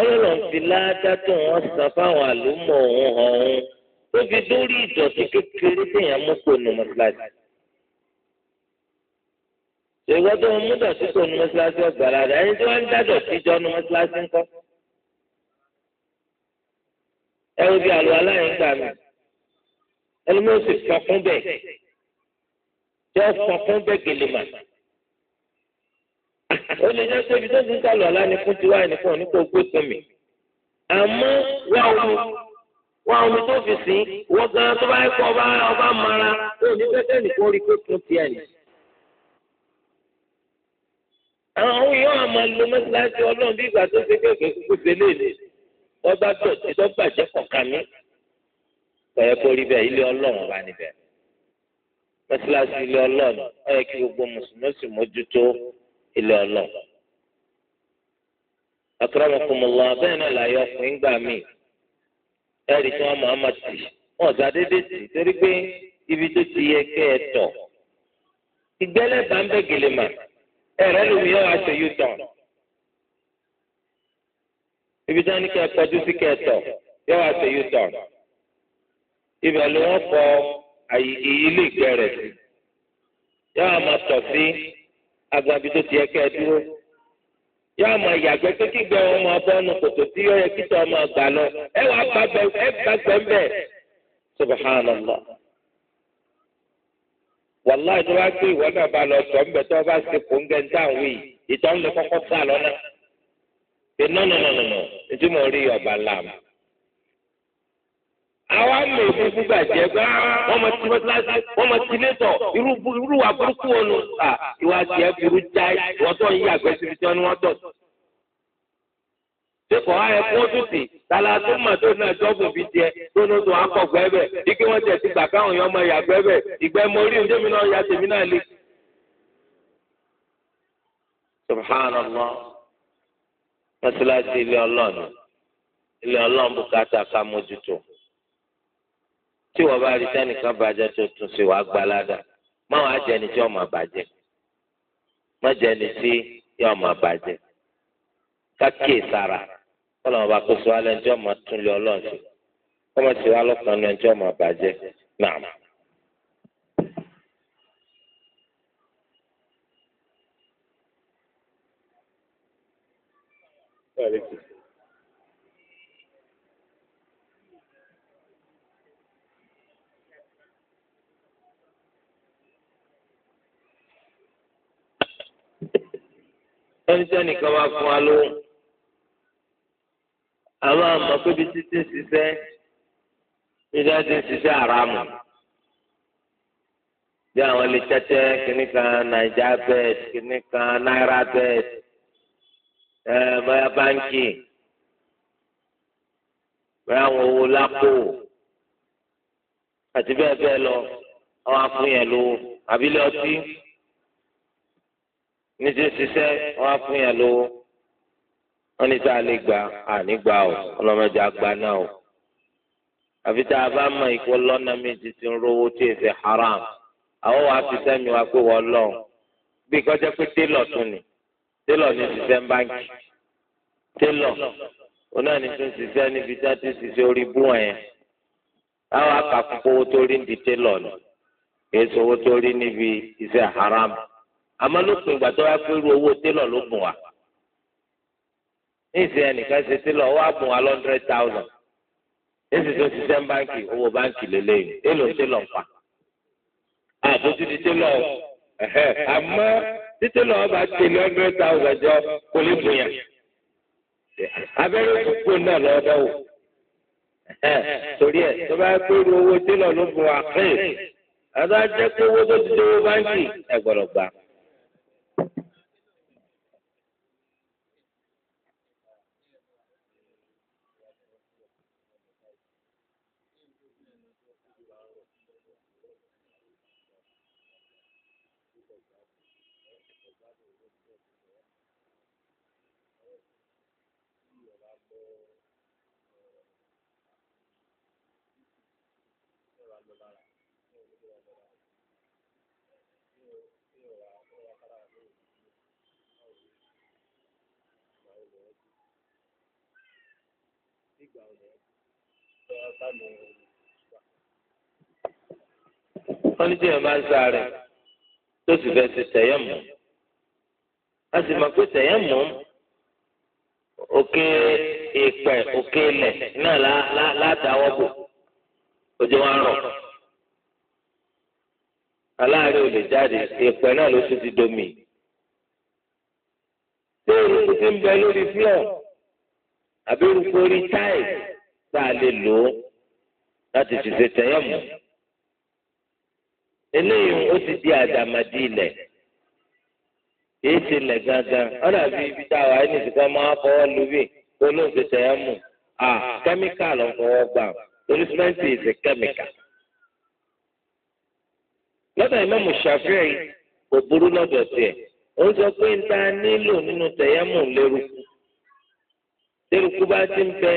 ọlọ́run fi láádá tó wọ́n san fáwọn àlùmọ̀ òun hàn òun tó fi dórí ìdọ̀tí kékeré téèyàn mú kó nu mọ́sálásí. ṣèwọ́n tó ń mú dọ̀tí kó nu mọ́sálásí ọ̀gbàrà rẹ̀ ẹni tí wọ́n ń dá dọ̀tí jọ nu mọ́sálásí ńkọ́. ẹ wo bí àlọ́ aláìní gbà mí ẹlẹ́mọ̀ọ́ sì fọ́n bẹ́ẹ̀ jẹ́ fọ́n bẹ́ẹ̀ gèlè mà. ó lè jẹ́ pé ibi tó ti ń sálọ̀ ọ̀la fún tiwa ẹnìkan ní kó gbé fún mi àmọ́ wá o wá omi tó fi sìn ìwọ gan tó bá yẹ kó ọba ọba mara tó ní pẹ́pẹ́ nìkan rí pé kún tiẹ̀ ni. àwọn ohun yóò wá máa lo mọ́sálásí ọlọ́run bí ìgbà tó ṣe kéèké kúkú ṣe léèlè ọba tó ti tó bàjẹ́ kọ̀ọ̀kan mi ọ̀yẹ́ kó rí bẹ́ẹ̀ ilé ọlọ́run wà níbẹ̀ mọ́sálásí ilé ọlọ́run ó yẹ kí gbogbo mùsùlùmí sì mójútó ilé ọlọ́run. àkàrà bẹ́ẹ̀ náà ẹ̀rí tí wọ́n máa ma tì wọ́n ọ̀sà dédé tì torí pé ibi tó ti yẹ kẹ́ ẹ tọ̀. ìgbẹ́lẹ̀ bá ń bẹ̀ gèlè mà ẹ̀rẹ́ lómi yóò wá ṣe yóò tàn. ibi tí wọ́n ní kẹ́ ẹ kọjú sí kẹ́ ẹ tọ̀ yóò wá ṣe yóò tàn. ibẹ̀ ló wọ́n kọ ilé ìgbẹ́ rẹ̀ sí. yóò wá máa tọ̀ sí agbabi tó ti yẹ kẹ́ ẹ dúró yóò mọ ìyàgbẹ́ pé kí gbẹ ọmọ ọbọnu kòtò tí yóò yẹ kí tọ́ ọmọ ọgbà lọ ẹ wàá bá gbẹ ẹ bá gbẹ ń bẹ subhanallah wàláì tó bá gbé ìwọ náà bá lọ tọ́ ń bẹ tó bá ṣe kó ń gẹ ní táwọn yìí ìtọ́ ń lè kọ́kọ́ fà lọ́nà pé nọ́nọ́nọ́nọ́ ètò mọ̀ rí ọ̀bà làmù àwa lè fi gbígbà jẹ gbá wọn mọ tí wọn láti wọn mọ tí létọ irú irú wa burúkú wọn nù à ìwà tiẹ̀ burú jáì wọn tó ń yí síbi tí wọn ni wọn tọ. Dekọ̀ ayẹ kó tètè tala tó mà tó náà jọ́gùn fi jẹ tó ní tó akọ̀gbẹ́ bẹ̀ ike wọ́n tẹ̀ sí gbàgbá àwọn èèyàn ọmọ ìyàgbẹ́ bẹ̀ ìgbẹ́ mọ orí mi náà ya tèmi náà lé. Subhanallah, mọ́sálásí ilé ọlọ́run ilé ọlọ́run bùkátà ká mójútó tí wọ́n bá rí sẹ́nìkan bàjẹ́ tó tún sí wàá gbalada má wàá jẹni tí ọmọ bàjẹ́ má jẹni tí ọmọ bàjẹ́ kákìí sára kọ́lọ́mọ bá kó sọ alẹ́ ní tí ọmọ tún lé ọlọ́run sí kọ́mọ sí wa lọ́kàn ní tí ọmọ bàjẹ́ náà. Thank you. ẹni tí ẹnìkan wá fún wa lóhùn àwọn àmọ́ pé bí títí ń ṣiṣẹ́ nígbà tí ń ṣiṣẹ́ àràmù bí àwọn ilé tẹ́tẹ́ kìíní kan naija bet kìíní kan naira bet ẹ bóyá báńkì bóyá àwọn owó lápò àti bẹ́ẹ̀ bẹ́ẹ̀ lọ àwọn afúnyẹ̀ ló àbílẹ̀ ọtí ní ti ṣiṣẹ́ wọn á fún yàn lówó wọn ní tá a lè gbà á nígbà o ọlọ́mọdé àgbà náà o àfi tá a bá mọ ìkó lọ́nà méjì ti ń rówó tí ì fi haram àwọn wàá fi sẹ́mi wá pé wọ́n lọ́n bí kọjá pé télọ̀ tún ni télọ̀ ní ṣiṣẹ́ báńkì télọ̀ òun náà ní tún ṣiṣẹ́ níbi tá a ti ṣiṣẹ́ orí bú wọn táwọn akàkùn owó tó rí ní télọ̀ ni èso owó tó rí níbi iṣẹ́ haram àmọ́ lópin ìgbà tó wá pé irú owó télọ̀ ló bùn wá ní ìsìn ẹnìkan ṣe télọ̀ ó wá bùn wá lọ́ndrẹ́d táwùsàn èsì tó ṣiṣẹ́ báńkì owó báńkì lélẹ́yìn èlò télọ̀ ń pa àbójú ti télọ̀ àmọ́ títélọ̀ ọba tèlé hundred thousand jọ kò lè bùn yàn abẹ́rẹ́ òkú náà lọ́dọ̀ wò torí ẹ̀ tó bá pé irú owó télọ̀ ló bùn wá pé àbájẹ́ ìgbà ọ̀rẹ́ ọ̀rọ̀ bá mi rìn wọ́n ní tí èèyàn bá ń sá rẹ̀ tó sì fẹ́ ṣe tẹ̀yẹ̀mù a sì mọ̀ pé tẹ̀yẹ̀mù òkè ìpẹ́ òkè ilẹ̀ náà látàwọ́ bò òjò wa rọ̀ aláàárẹ̀ ò lè jáde ìpẹ́ náà ló tún ti domi tí eruku ti ń bẹ lórí fúlọ̀ àbí eruku orí táì tá a lè lò ó láti tẹ̀yọ̀mù eléyìí ó ti di àdàmàdì ilẹ̀. èyí ti gángan ọ̀nà bí ibi tá a wà ní ìsìnkú máa fọwọ́ lu bí olóògbé tẹ̀yẹ́ mù à kẹ́míkà ló ń fọwọ́ gbà torí símẹ́ǹtì ìsìn kẹ́míkà. lọ́dọ̀ ìmọ̀mù ṣàfihàn kò burú lọ́dọ̀ tiẹ̀ ó sọ pé ń ta nílò nínú tẹ̀yẹ́ mù lérúkú lérúkú bá ti ń bẹ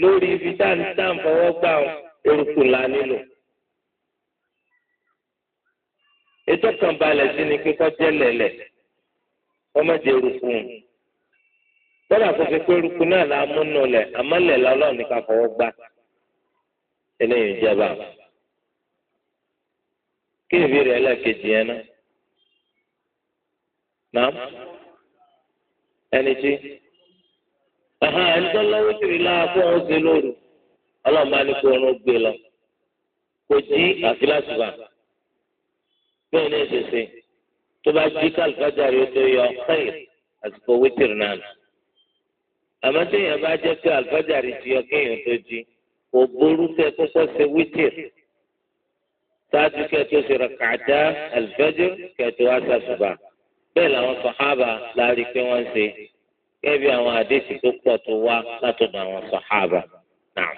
lórí ibi tá a ń tà fọwọ́ gbà eruku la nílò. ètò kan balẹ̀ sí ni kíkọ́ jẹ́ lẹ̀lẹ̀ kọ́mọ̀dé eruku tọ́lá fòfin pé eruku náà la múnú lẹ̀ àmọ́lẹ̀ lọ́lọ́ọ̀ ní ká fọwọ́ gbá eléyìí jẹba kí ìbéèrè ẹlẹ́ẹ̀kejì yẹn náà náà ẹni tí ẹni lọ́wọ́ ṣe lóru ọlọ́run bá lọ kò jí àfi láti bẹ́ẹ̀ ní ìṣẹṣẹ tó bá jí kálífàjà rẹ tó yọ kẹyì àsìkò wítìrì náà nù àmọ́ téèyàn bá jẹ́ pé àlùfájà rẹ ti yọ kéèyàn tó jí kò burú kẹ kọ́kọ́ ṣe wítìrì sáájú kẹtó ṣèrè kàdá àlùfájà kẹtó àṣàṣùbà bẹ́ẹ̀ làwọn sọhábà láàrin pé wọ́n ń ṣe kẹbi àwọn àdéhùn tó pọ̀ tó wá látọ̀dọ̀ àwọn sọhábà náà.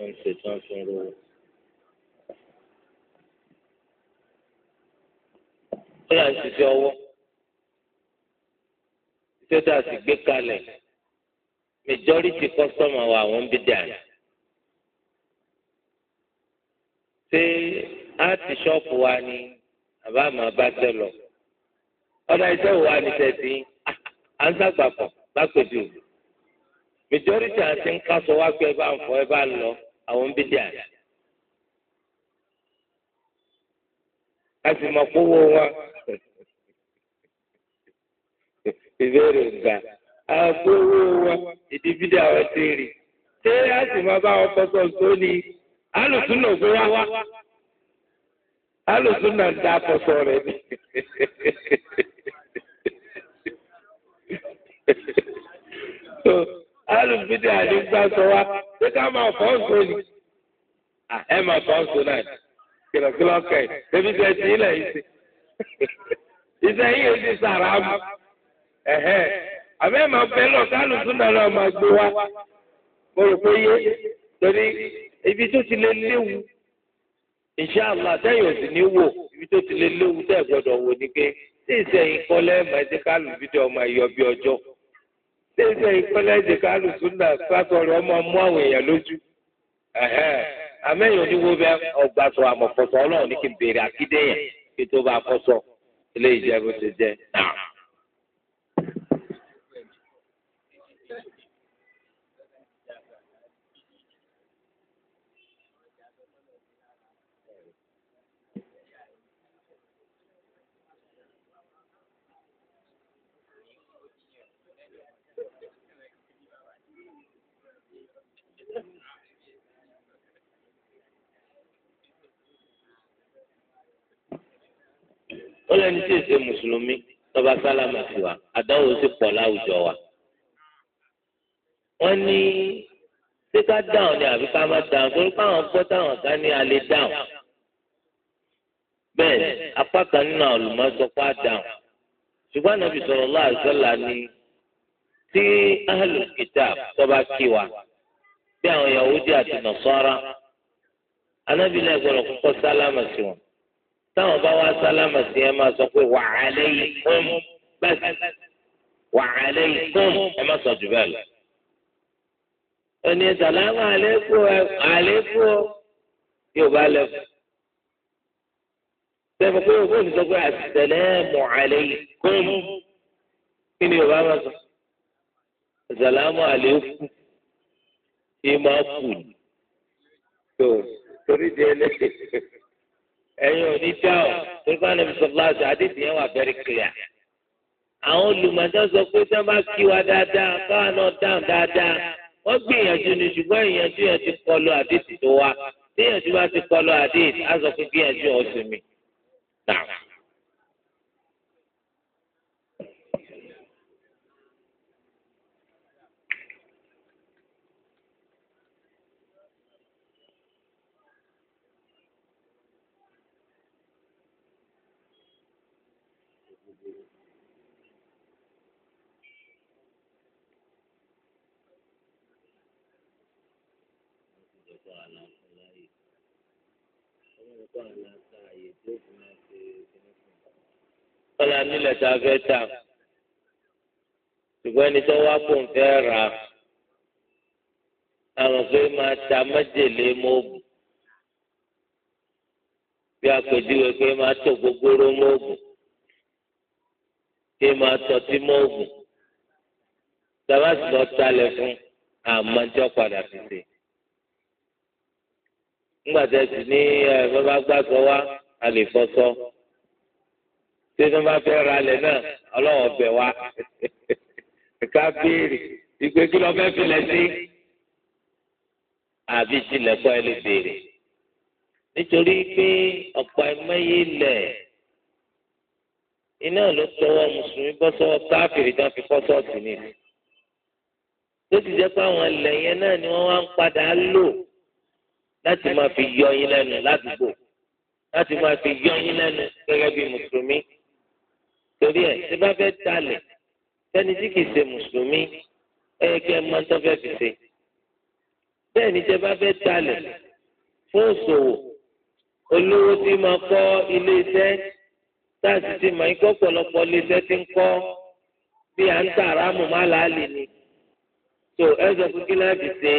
ń ṣe tí wọ́n fi ń rówó. ó yà ń ṣiṣẹ́ ọwọ́ iṣẹ́ tá a sì gbé kalẹ̀ majority customer wa àwọn ń bí dàní. ṣé áàtì ṣọ́ọ̀pù wa ni àbá máa bá tẹ lọ ọ̀dà iṣẹ́ wa ni tẹ̀sí à ń sàgbàpọ̀ lápẹ̀jù majority àti ń kásọ̀ wá pé ẹ bá ń fọ ẹ bá ń lọ àwọn bíi díà a sì kówó wọn ìbéèrè gbà àgbówó wọn ìdí bíi díà wọn ti rì ṣé a sì máa bá wọn kọsọ sóni alùsùn náà gbé wá alùsùn náà dá kọsọ rẹ ni. alùpùpù àti gbàsọ wa ṣé ká máa fọ́ nsọ ni ẹ máa fọ́ náà kìlọ̀kìlọ̀ kẹ̀ débi tẹ̀ sí ilẹ̀ yìí ti sàrà mu ẹ̀hẹ́ àbẹ́ máa bẹ́ lọ kálùpùpù náà máa gbé wa mo rò ibi tó ti lé léwu ibi tó ti lé léwu wò ni pé tí tẹ́lifíà ìpínlẹ̀ èdè kálù súnà sátọ̀rọ̀ ọmọ mú àwọn èèyàn lójú àmẹ́yìn oníwo bẹ ọgbà sọ àmọ̀fọ̀sọ ọlọ́run ní kí n béèrè àkídé yẹn kí tó bá fọ́sọ ilé ìjẹ́ bó ti jẹ́ náà. ó lẹ́ni tí èsè mùsùlùmí tọba sálámà sí wa àdánwò sì pọ̀ láwùjọ wa. wọ́n ní ṣé ká dáhùn ni àbí ká má dáhùn torí káwọn gbọ́ táwọn kan ní alẹ́ dáhùn. bẹ́ẹ̀ apá kan nínú àwọn olùmọ̀sọ́pá dáhùn ṣùgbọ́n ànábì sallallahu alaihi ni tí ahlul kitab tọba kí wa bí àwọn Yahudi àti Nasara anábìlẹ̀ gbọ́dọ̀ kọ́kọ́ sálámà sí wọn táwọn bá wá sálámà sí ẹ máa sọ pé wa alaykum bẹ́ẹ̀ wa alaykum ẹ má sọ jù bẹ́ẹ̀ lọ. ẹni sàlámà àlékún ẹ àlékún yóò bá lẹ́kùn. sẹ́mi pé òkú sọ pé assalamu alaykum kí ni yóò bá máa sọ. sàlámà àlékún ìmọ̀ kù. torí di ẹlẹ́sìn ẹ̀yin ò ní dá ọ torí bá nàbì sọ̀rọ̀ láti àdéhùn yẹn wà very clear. àwọn olùmọ̀tá sọ pé tí wọ́n bá kí wa dáadáa káwọn náà dáhùn dáadáa wọ́n gbìyànjú ni ṣùgbọ́n ìyànjú yẹn ti kọlu àdéhùn tó wa tí ìyànjú bá ti kọlu àdéhùn á sọ pé gbìyànjú ọ̀sùn mi. kọ́lá nílẹ̀ tá a fẹ́ tà ṣùgbọ́n ẹni tó wá kó ń fẹ́ rà á àwọn pé máa ta májèlé mọ́ọ̀gùn bí àpèjúwe pé máa tó gbogbooro mọ́ọ̀gùn pé máa tọ́tí mọ́ọ̀gùn sábà sì talẹ̀ fún àmọ́jọ́ padà fi ṣe. ní ẹ̀ bàbá wa a lè fọ́ sọ tí wọ́n bá fẹ́ ra alẹ̀ náà ọlọ́wọ́ bẹ̀ wá ká béèrè ìgbé kí lọ́ọ́ fẹ́ filẹ̀ sí àbí tilẹ̀kọ́ ẹ lè béèrè nítorí pé ọ̀pọ̀ ẹ̀mọ́yé lẹ̀ iná ló tọwọ́ mùsùlùmí bọ́ sọ́wọ́ káfíìrì tán fi kọ́ sọ́ọ̀tì nìyí tó ti jẹ́ pé àwọn ilẹ̀ yẹn náà ni wọ́n wá ń padà lò láti máa fi yọ yín lẹ́nu ládùúgbò láti máa fi yọ yín lẹ́nu gẹ́gẹ́ bí mùsùlùmí torí ẹ̀ tí bá fẹ́ dalẹ̀ sẹ́ni tí kìí ṣe mùsùlùmí ẹ kẹ́ ẹ máa tán fẹ́ fi ṣe bẹ́ẹ̀ ni tẹ́ bá fẹ́ dalẹ̀ fún òṣòwò olówó tí máa kọ́ ilé iṣẹ́ táàsì ti máa ń kọ́ pọ̀lọpọ̀ ilé iṣẹ́ tí ń kọ́ bí à ń tààrà mọ̀ má làálì ni tó ẹ sọ fún kíláàsì ṣe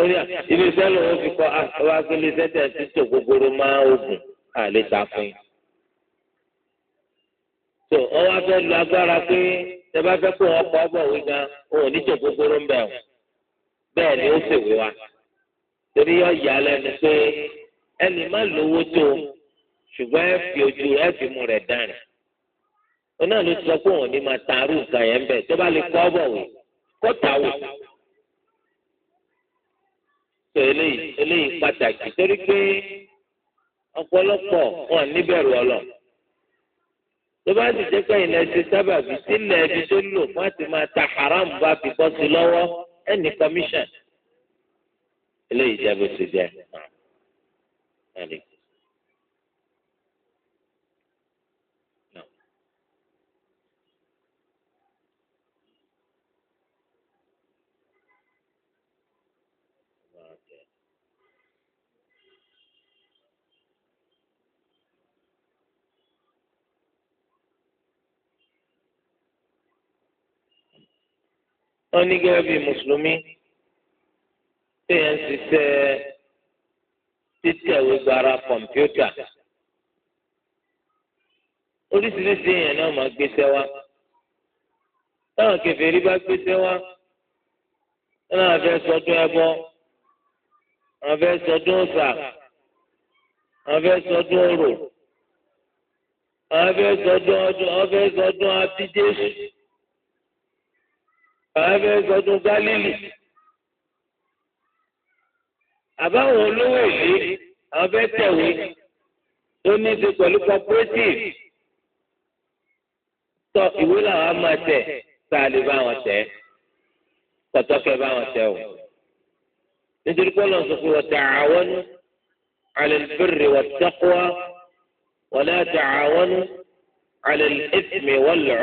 ó ní ilé iṣẹ́ lòun fi kọ́ àwọn ah, akéwìlẹ̀ iṣẹ́ tẹ̀ ń tó gbogbooro máa oògùn àlè ta fún yìí tó ọ wá fẹ́ lu agbára pé tẹ bá fẹ́ kó wọn pọ̀ bọ̀wé gan òun ò ní jẹ gbogbooro ń bẹ̀ ọ́ bẹ́ẹ̀ ni ó ṣèwé wa torí yọ yà lẹ́nu pé ẹnì má lówó tó ṣùgbọ́n ẹ fi ojú ẹ fi mu rẹ̀ dànù ó náà ló sọ pé òun ní máa taarú nǹkan yẹn bẹ́ẹ̀ tó bá lè kọ́ bọ̀wé kó tà wò tó eléyìí eléyìí pàtàkì torí pé ọ̀pọ̀lọpọ̀ wọn níbẹ̀rù ọlọ́ọ̀ tó bá sì jẹ́ pẹ́yìn lẹ ṣe sábàbí sílẹ̀ ibi tó lò fún àti máa ta haram bá fi bọ́ sí lọ́wọ́ ẹnì commission eléyìí jẹ́ bó ṣe jẹ́. wọ́n ní gẹ́gẹ́ bíi mùsùlùmí téèyàn ń ṣiṣẹ́ títẹ̀wé gbára kọ̀ǹpútà oríṣiríṣi èèyàn náà máa gbéṣẹ́ wá táwọn kèfèrí bá gbéṣẹ́ wá wọn náà fẹ́ sọdún ẹbọ wọn fẹ́ sọdún ọ̀sà wọn fẹ́ sọdún orò wọn fẹ́ sọdún ọdún wọn fẹ́ sọdún abídésù àwọn fẹ́ sọdún Gálílì àbáwọn olówó èlé àwọn fẹ́ tẹ̀wé tó ní í ṣe pẹ̀lú cooperative tọ ìwé làwọn máa tẹ̀ tá a lè bá wọn tẹ̀ o nítorí pé ọlọ́run sọ pé wa ta'awanu 'ala al-birri wat-taqwa wa la ta'awanu 'ala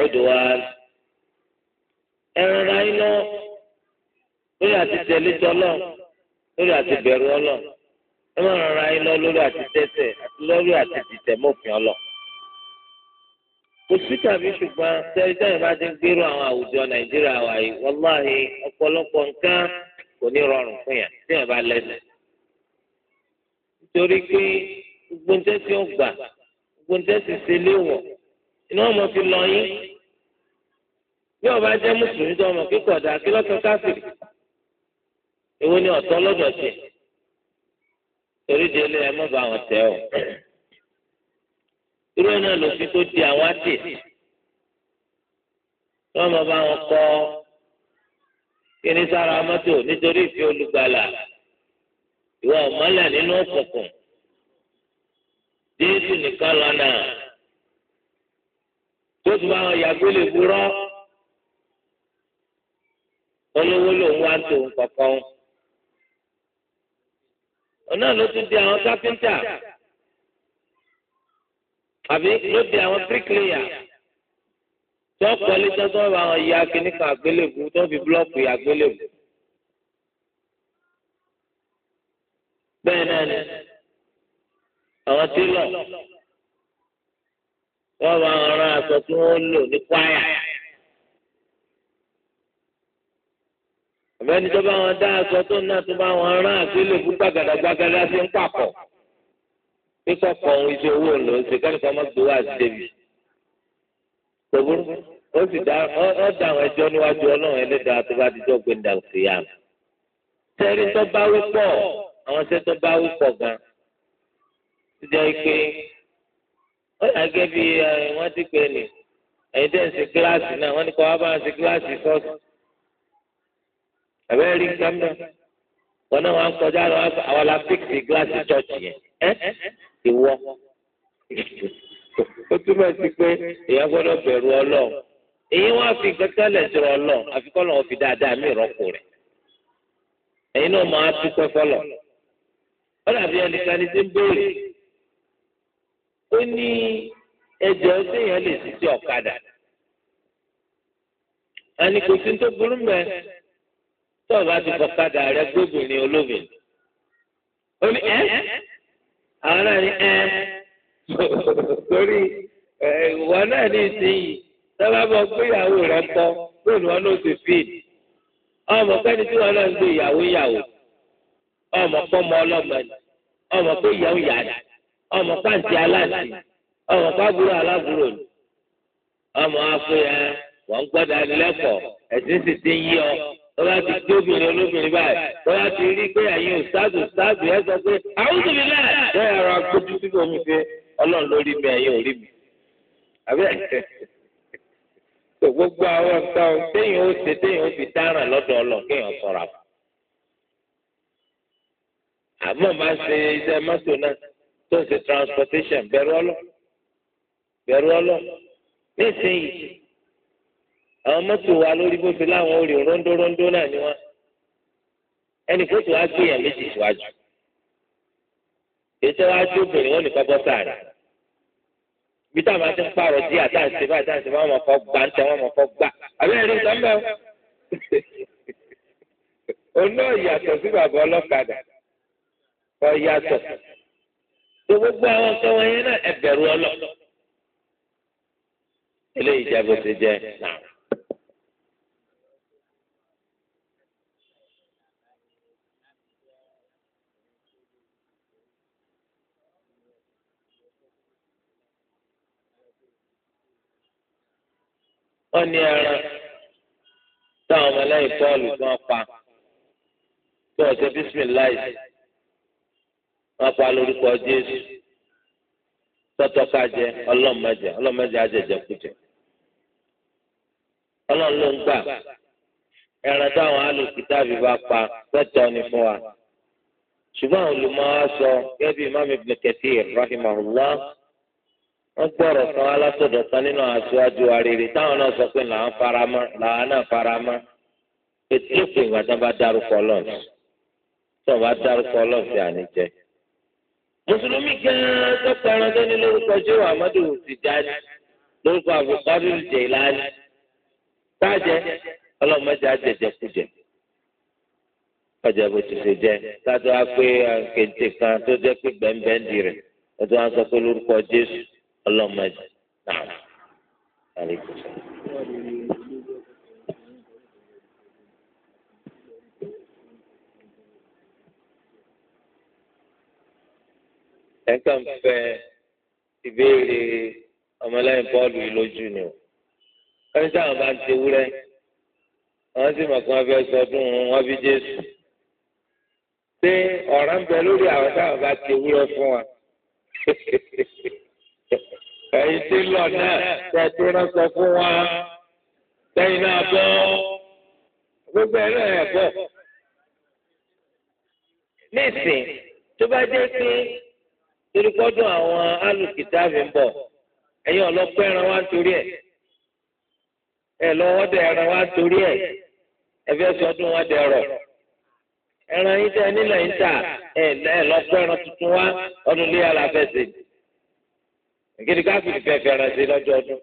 al ẹran ra yín lọ lórí àti tẹ̀lé tọ́lọ̀ lórí àti bẹ̀rù ọlọ́ ẹ má ràn ra yín lọ lórí àti tẹ̀sẹ̀ àti lórí àti tìtẹ̀ mọ́fìn ọlọ́ òsì tàbí ṣùgbọ́n tẹ́lifíṣàn yìí bá ti ń gbèrò àwọn àwùjọ nàìjíríà wa yìí wàláhì ọ̀pọ̀lọpọ̀ nǹkan kò ní rọrùn fún yàn tí yàn bá lẹ́sẹ̀. nítorí pé gbóńtẹ́sì ọgbà gbóńtẹ́sì ṣe léwọ̀ iná ọmọ fi lọ yín bí ọba jẹ́ mùsùlùmí tó ọmọ kíkọ ọdà kí lọkàn káfíìrì èwo ni ọ̀tọ̀ lọ́dọ̀ tiẹ̀ torí di ẹlẹyà má ba àwọn tẹ ọ irú ẹ náà lòfin tó di àwọn àti wọn máa bá wọn kọ kíní sára mọ́tò nítorí ìfẹ́ olùgbàlà ìwà ọmọlẹ nínú òkùnkùn jésù nìkan lọ náà tó tún bá wọn yàgbé lè burọ olówó lòun wá tó nǹkankan ọ̀nà ló tún di àwọn káfíńtà àbí ló di àwọn píríkìlìyà tó kọ́lé tó tó bá wọn ya kìnnìkan àgbélébù tó fi búlọ́ọ̀kì àgbélébù. bẹ́ẹ̀ náà ni àwọn tí lọ wọ́n bá wọn rán aṣọ tí wọ́n lò ní kwaya. àbẹ́ni tó bá wọn dá aṣọ tó náà tó bá wọn rán àgbélé fún gbàgàdàgbàgàdà sí ń papọ̀ pípọ̀ pọ̀ ohun iṣẹ́ owó ló ń ṣe kẹ́nìkan má gbowó àti débi tòbúrú ó sì dá ọ dá àwọn ẹjọ́ níwájú ọlọ́run ẹlẹ́dàá tó bá dijọ́ gbé ndà òkèèyà tẹ́rí tó bá wí pọ̀ àwọn iṣẹ́ tó bá wí pọ̀ gan ti jẹ́ pé ó yà gẹ́gẹ́ bí wọ́n ti pè ní ẹ̀yin tẹ́ ń ṣe kíláàsì náà wọ́n ní kọ́ wá bá ń ṣe kíláàsì sọ́ọ̀sì ẹ̀fẹ́ rí kẹ́mẹ́ wọn náà wọn kọjá lọ àwọn la fíksì gíláàsì chọ́ọ̀chì yẹn ẹ́ ìwọ ó túmọ̀ sí pé èèyàn gbọ́dọ̀ bẹ̀rù ọlọ́ọ̀ èyí wọn fi kankan lẹ̀ jọrọ ọlọ́ọ̀ àfikọ́ lọ́wọ́ fi dáadáa mí rọ́pò rẹ̀ ẹ̀yin náà máa dúpẹ́ fọlọ̀ ó dàbí ẹnìkan ní ti ń béèrè ó ní ẹjọ́ séèyàn lè sí sí ọ̀kadà àní kò sí tó burú mẹ́ẹ̀. tó o bá ti fọkadà rẹ gbóbìnrin olóbìnrin o ní ẹ àwọn náà ní ẹ torí ìwọ náà ní ìsinyìí sábàbọ gbéyàwó rẹ kọ lónìí wọn ló ti ọmọ pẹ́ni tí wọn náà ń gbé ìyàwó ìyàwó ọmọ pọ́mọ ni ọmọ pé ìyàwó ọmọ pàǹtí aláǹtí ọmọ pàbúrò ni ọmọ yẹn gbọ́dọ̀ ẹ̀sìn sì ti ń yí ọ lọ́la ti dé obìnrin olóbìnrin báyìí lọ́la ti rí pé ẹ̀yin òṣìṣàdù òṣìṣàdù ẹ̀ sọ pé àwùjọ mi náà bẹ́ẹ̀ ẹ̀rọ agbójú síbò mi pé ọlọ́run ló rí mi ẹ̀yin ò rí mi. àbẹ́ gbogbo àwọn nǹkan téèyàn ó ṣe téèyàn ó fi dáràn lọ́dọ̀ ọlọ́ kéèyàn sọ̀rọ̀ àbọ̀. àmọ́ máa ń ṣe iṣẹ́ mọ́tò náà tó ń ṣe transportation bẹ̀rù ọlọ́ bẹ̀rù ọlọ́ nísìnyí àwọn mọ́tò wa lórí bó ṣe láwọn orí ròndó ròndó náà ni wọ́n ẹnì kó tó wá gbé yàn méjì síwájú ètò wa dé obìnrin wọn nìkan bọ́ sáà rẹ̀ bí táwọn ti ń pààrọ̀ sí àtàǹsí bá àtàǹsí bá wọn kọ́ gbà ń tẹ wọn kọ́ gbà àbẹ́rẹ́ rí nǹkan bẹ́ẹ̀ oná yàtọ̀ sí bàbá ọlọ́kadà kọ́ yàtọ̀ tó gbogbo àwọn nǹkan wọ̀nyẹn náà ẹ̀bẹ̀rù ọlọ́ eléyìí jẹ́ bó ti jẹ́ náà. wọ́n ní ẹran táwọn ọmọlẹ́yìn Pọ́ọ̀lù tí wọ́n pa tí wọ́n ṣe bísímìláì wọ́n pa lórúkọ Jésù tọ́tọ́ka jẹ ọlọ́mọdé ọlọ́mọdé ajẹjẹkújẹ ọlọ́run ló ń gbà ẹran táwọn alùpùpù bá pa tẹ́tọ́ ni fún wa ṣùgbọ́n àwọn olùmọ̀ wa sọ gẹ́gẹ́ bí Imam Ibn wọ́n gbọ́rọ̀ kan alásọ̀dọ̀ kan nínú aṣáájú arére táwọn náà sọ pé làwọn làwọn náà fara etí òkè ìgbà tí bá dárúkọ lọ́ọ̀sì tí wọ́n bá dárúkọ lọ́ọ̀sì àníjẹ. mùsùlùmí gan-an tọ́pọ̀ ẹran lẹ́ni lórúkọ jẹ́ lórúkọ ìlànà ọlọ́mọdé àjẹjẹ kújẹ ọjà bó ti ṣe jẹ pé kan tó jẹ́ pé Jésù ọlọ́mọdé náà àlè kò sọ. ẹ̀ka ń fẹ́ ìbéèrè ọmọlẹ́yìn bọ́ọ̀lù yìí lójú ni o. ẹni táwọn bá ń ti wúrẹ́ wọ́n sì mọ̀ kí wọ́n fẹ́ sọdún wọn bí Jésù. ṣé ọ̀ràn ń bẹ lórí àwọn táwọn bá ti wúrẹ́ fún wa? ẹ̀yin tí lọ náà tẹ̀tù ránṣọ fún wa tẹ̀yin náà bọ́ gbogbo ẹ̀rọ ẹ̀ bọ̀. nísìn tó bá dé pé torípọ́dún àwọn alùpùpù ń bọ̀ ẹ̀yin ọlọ́pẹ́ ẹran wá nítorí ẹ̀ ẹ̀ lọ́wọ́ dẹ̀ ẹran wá nítorí ẹ̀ ẹ̀fẹ́ sọdún wọn dẹ̀ rọ̀ ẹran yín tẹ́ nílẹ̀ yín tà ẹ̀ lọ́pẹ́ ẹran tuntun wá ọdún léyà làbẹ́sẹ̀ yìí gidi káfíìnì fẹ́ fẹ́ràn sí lọ́jọ́ ọdún.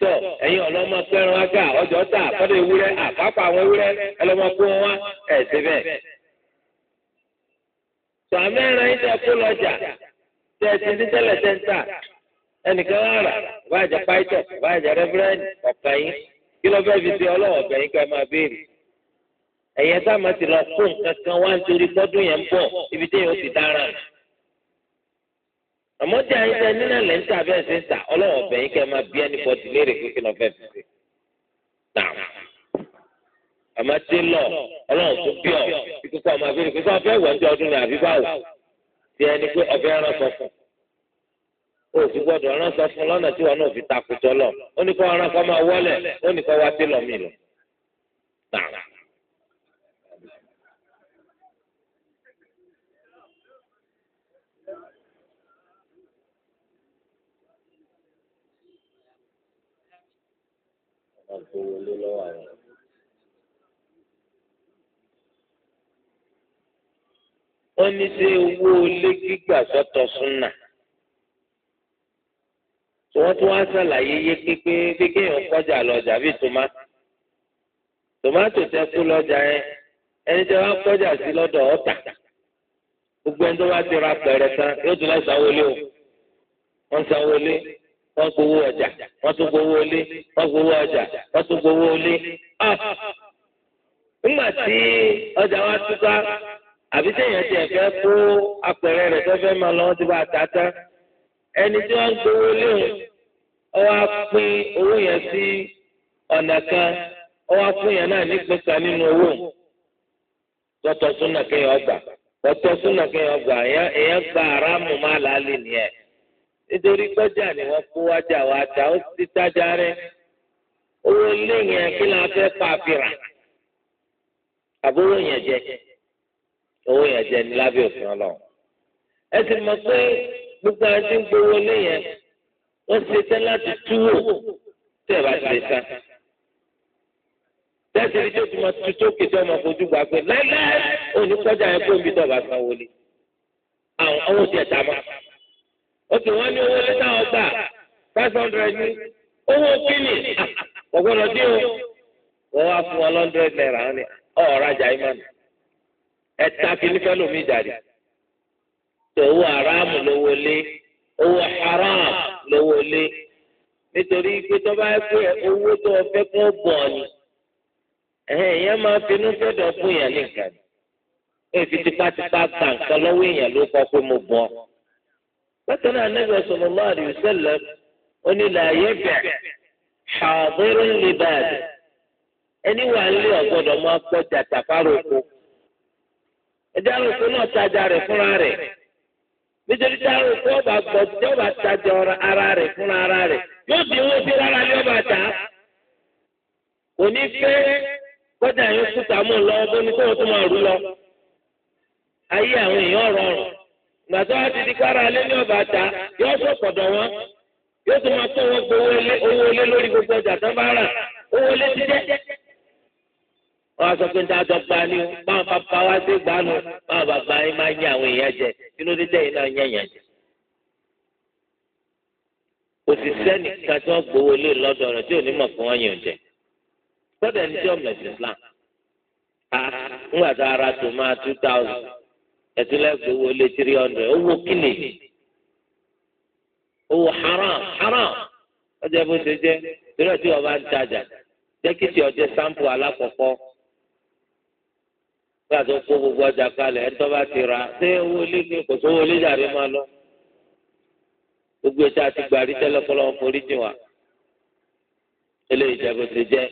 tọ́ ẹ̀yin ọlọ́mọ fẹ́ràn ágà ọjọ́ tà fọ́dọ̀ ewúrẹ́ àpapọ̀ àwọn ewúrẹ́ ẹlọ́mọ kó wọn wá ẹ̀ sí bẹ́ẹ̀. tọ́ àmẹ́rin yín tẹ kó lọ́jà tẹ ti ní tẹ́lẹ̀ sẹ́ńtà ẹnìkan wà rà ìbáàjà pàìtọ̀ ìbáàjà rẹ́fúrẹ́ǹdì ọ̀kan yín kí ló fẹ́ fi ṣe ọlọ́wọ́ ọ̀bẹ yín ká máa béèrè. ẹ̀yẹ sáà má ti lọ fún nǹkan kan wá nítorí tọ́dún yẹn ń bọ̀ ibi téèyàn ti dára nù àmọ́ tí àyìn tẹ nínú ẹ̀ lẹ́ńtà bẹ́ẹ̀ ṣe ń tà ọlọ́wọ́ bẹ̀yìn kẹ́ máa bí ẹni bọ́ọ̀dì léèrè kékeré náà fẹ́ẹ́ fi ṣe. àmọ́ tí lọ ọlọ́wọ́ tó bí ọ kíkọ́ sọ ọmọ abẹ́rẹ́ pé sọ ọfẹ́ wọ̀ ní ọdún ní àbí báwò tí ẹni pé ọfẹ́ rán sọ fún o sì gbọdọ̀ rán fún lọ́nà tí wọn náà fi takùtọ̀ lọ ó ní kó rán máa wọlé ó ní kó wá sí lọ mí lọ. wọn tó wọlé lọ́wọ́ àwọn. wọ́n ní ṣe owó ilé gbígbà sọ́tọ̀ súnà tí wọ́n tún wá ṣàlàyé yé pípé bí kéèyàn kọjá lọ́jà bíi tòmá tòmátò tẹ kú lọ́jà yẹn ẹni tí wọ́n kọjá sí lọ́dọ̀ ọ̀tà gbogbo ẹni tó bá ti ra pẹ̀rẹ̀ tán yóò tún lọ sanwó lé o wọ́n sanwó lé wọ́n gbowó ọjà wọ́n tún gbowó ilé wọ́n gbowó ọjà wọ́n tún gbowó ilé. Ah! nígbà tí ọjà wa túká àbí téèyàn tiẹ̀ fẹ́ kó apẹ̀rẹ̀ rẹ̀ tó fẹ́ máa lọ wọ́n ti bá a ta tán ẹni tí wọ́n gbowó léhùn ọwọ́ pín owó yẹn sí ọ̀nà kan yẹn náà kan nínú owó tọ́tọ̀ súnà nítorí gbọ́jà ni wọ́n kó wájà wá ta ó ti tájà rẹ̀ owó ilé yẹn kí la fẹ́ pa àfihàn àbúrò yẹn jẹ owó yẹn jẹ ní lábẹ́ òfin ọlọ́run ẹ sì mọ̀ pé gbogbo àwọn tí ń gbowó ilé yẹn wọ́n ṣe tán láti túwò tẹ́ ẹ bá ti lè san tẹ́sí ní tó ti mọ tutù kìtì ọmọ fojú gbà pé láéláé òní kọjá yẹn kó omi tó bá sanwó ni àwọn ọ̀hún ti ẹ̀ ta mọ́. ókè wọn ní owó lẹ́tà ọgbà five hundred ní owó kíni ọ̀gbọ́dọ̀ o wọ́n wá fún one hundred naira wọn ni ọ̀ọ́rajà ìmọ̀nà ẹ̀ta kìíní fẹ́ lómi jáde tó owó haram lówó lé owó haram lówó lé nítorí pé tó bá pẹ́ owó tó o fẹ́ bọ̀ ni máa finú fún yẹn nìkan fi tipátipá gbà nǹkan lọ́wọ́ èèyàn bákan náà Ànábì sallallahu alayhi wa sallam ó ní la yabi' hadirun li ma ẹni wà ń lé ọ̀gbọ́dọ̀ máa pọ̀ jàtà ọba gbọdọ ọba tajà ara rẹ̀ fúnra ara rẹ̀ yóò dín owó rárá ọba tà á kò ní lọ bó ní kó o gbàtọ́ àti di kára alẹ́ ní ọba ta yóò sọ pọ̀dọ̀ wọn yóò tún máa tọ́ wọn gbowó owó ilé lórí gbogbo ọjà tó bá rà owó ilé ti jẹ́. wọ́n á sọ pé níta àjọ gba ni báwọn bàbá wa ṣe gbà nù báwọn bàbá yín máa ń yẹ àwọn èèyàn jẹ inú dídẹ yìí náà ń yẹ èèyàn jẹ. òṣìṣẹ́ nìkan tí wọ́n gbowó ilé lọ́dọ̀ rẹ̀ tí ò ní mọ̀ fún wọn yàn jẹ. gbọ́dọ̀ ní tí ọ̀mọ̀ ìsìlám ẹtìlẹ́gbẹ̀ẹ́ owó lé three hundred owó kíni owó haram haram ọjọ́ bó ṣe jẹ́ torí ọtí ọba ń tajà jẹ́ kí tí ọjọ́ sampo alákọ̀ọ́kọ́ bí a tó kó gbogbo ọjà kalẹ̀ ẹ̀ńtọ́ bá ti ra ṣé owó lé ní kò sówó lé jàre máa lọ gbogbo ètò àti gbàrí tẹ́lẹ̀ fọlọ́wọ́n forí jìn wá eléyìí jẹ́ bó ṣe jẹ́.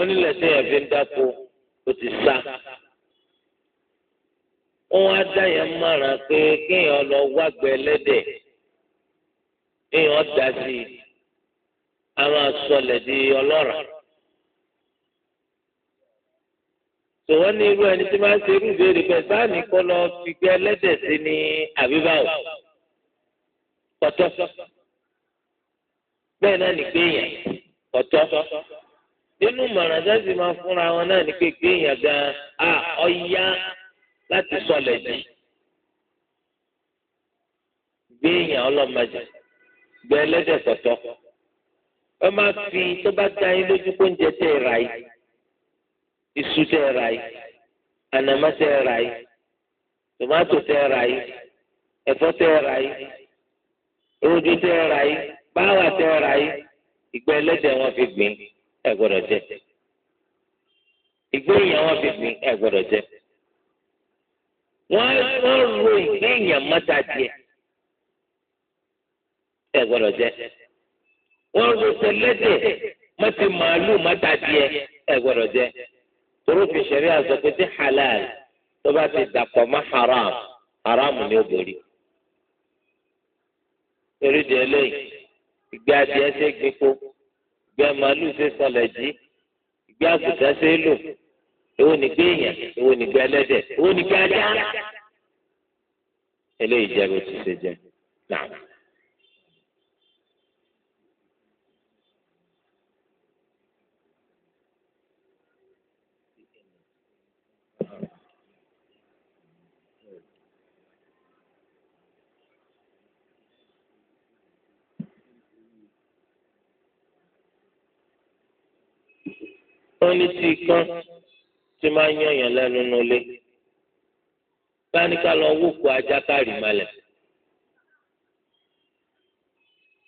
wọ́n nílẹ̀ sí ẹ̀fí ń dáko ó ti sá wọ́n á dá yẹn mọ́ra pé kéèyàn lọ wágbẹ́ ẹlẹ́dẹ̀ kéèyàn dá sí i a máa sọlẹ̀ di ọlọ́ra. tòwọ́n ní irú ẹni tí máa ń ṣe irú ìbéèrè bẹ́ẹ̀ sáàní kọ́ lọ fi gbẹ́ sí ní àbíbáwò pọ̀tọ́ bẹ́ẹ̀ náà nìgbéyàn pọ̀tọ́. nínú mọ̀ràn sẹ́sì máa fúnra wọn náà ní kéèké èèyàn gan a ọ̀yá láti sọlẹ̀ jì gbé èèyàn ọlọ́mọdé gbé ẹlẹ́dẹ̀ pọ̀tọ́ ẹ máa fi tó bá dá yín lójú kó ń jẹ tẹ́ ẹ rà yìí iṣu tẹ́ ẹ rà yìí ànàmọ́ tẹ́ ẹ rà yìí tòmátò tẹ́ rà yìí ẹ̀fọ́ tẹ́ rà yìí tẹ́ rà yìí tẹ́ rà yìí ẹlẹ́dẹ̀ wọn fi ẹ gbọ́dọ̀ jẹ ìgbéyàn wọn fi gbìn wọn wọn ro ìgbéyàn mọta díẹ̀ ẹ wọn ro sẹlẹdẹ mọtì màálù mọta ẹ jẹ toro fi sẹrí halal tó bá ti haram haram ni ó borí eré díẹ̀ lẹ́yìn ìgbé ìgbẹ́ màálùú ṣe sọlẹ̀ jí ìgbẹ́ àgùtà ṣe lò èwo nìgbẹ́ èèyàn èwo nìgbẹ́ ẹlẹ́dẹ̀ èwo nìgbẹ́ ajá eléyìí jẹ́ bó ti ṣe jẹ́ náà. wọn létí ikán tí máa ń yànyàn lẹ́nu nulẹ̀ báyìí ká lọ wòkú ajá kárì malẹ̀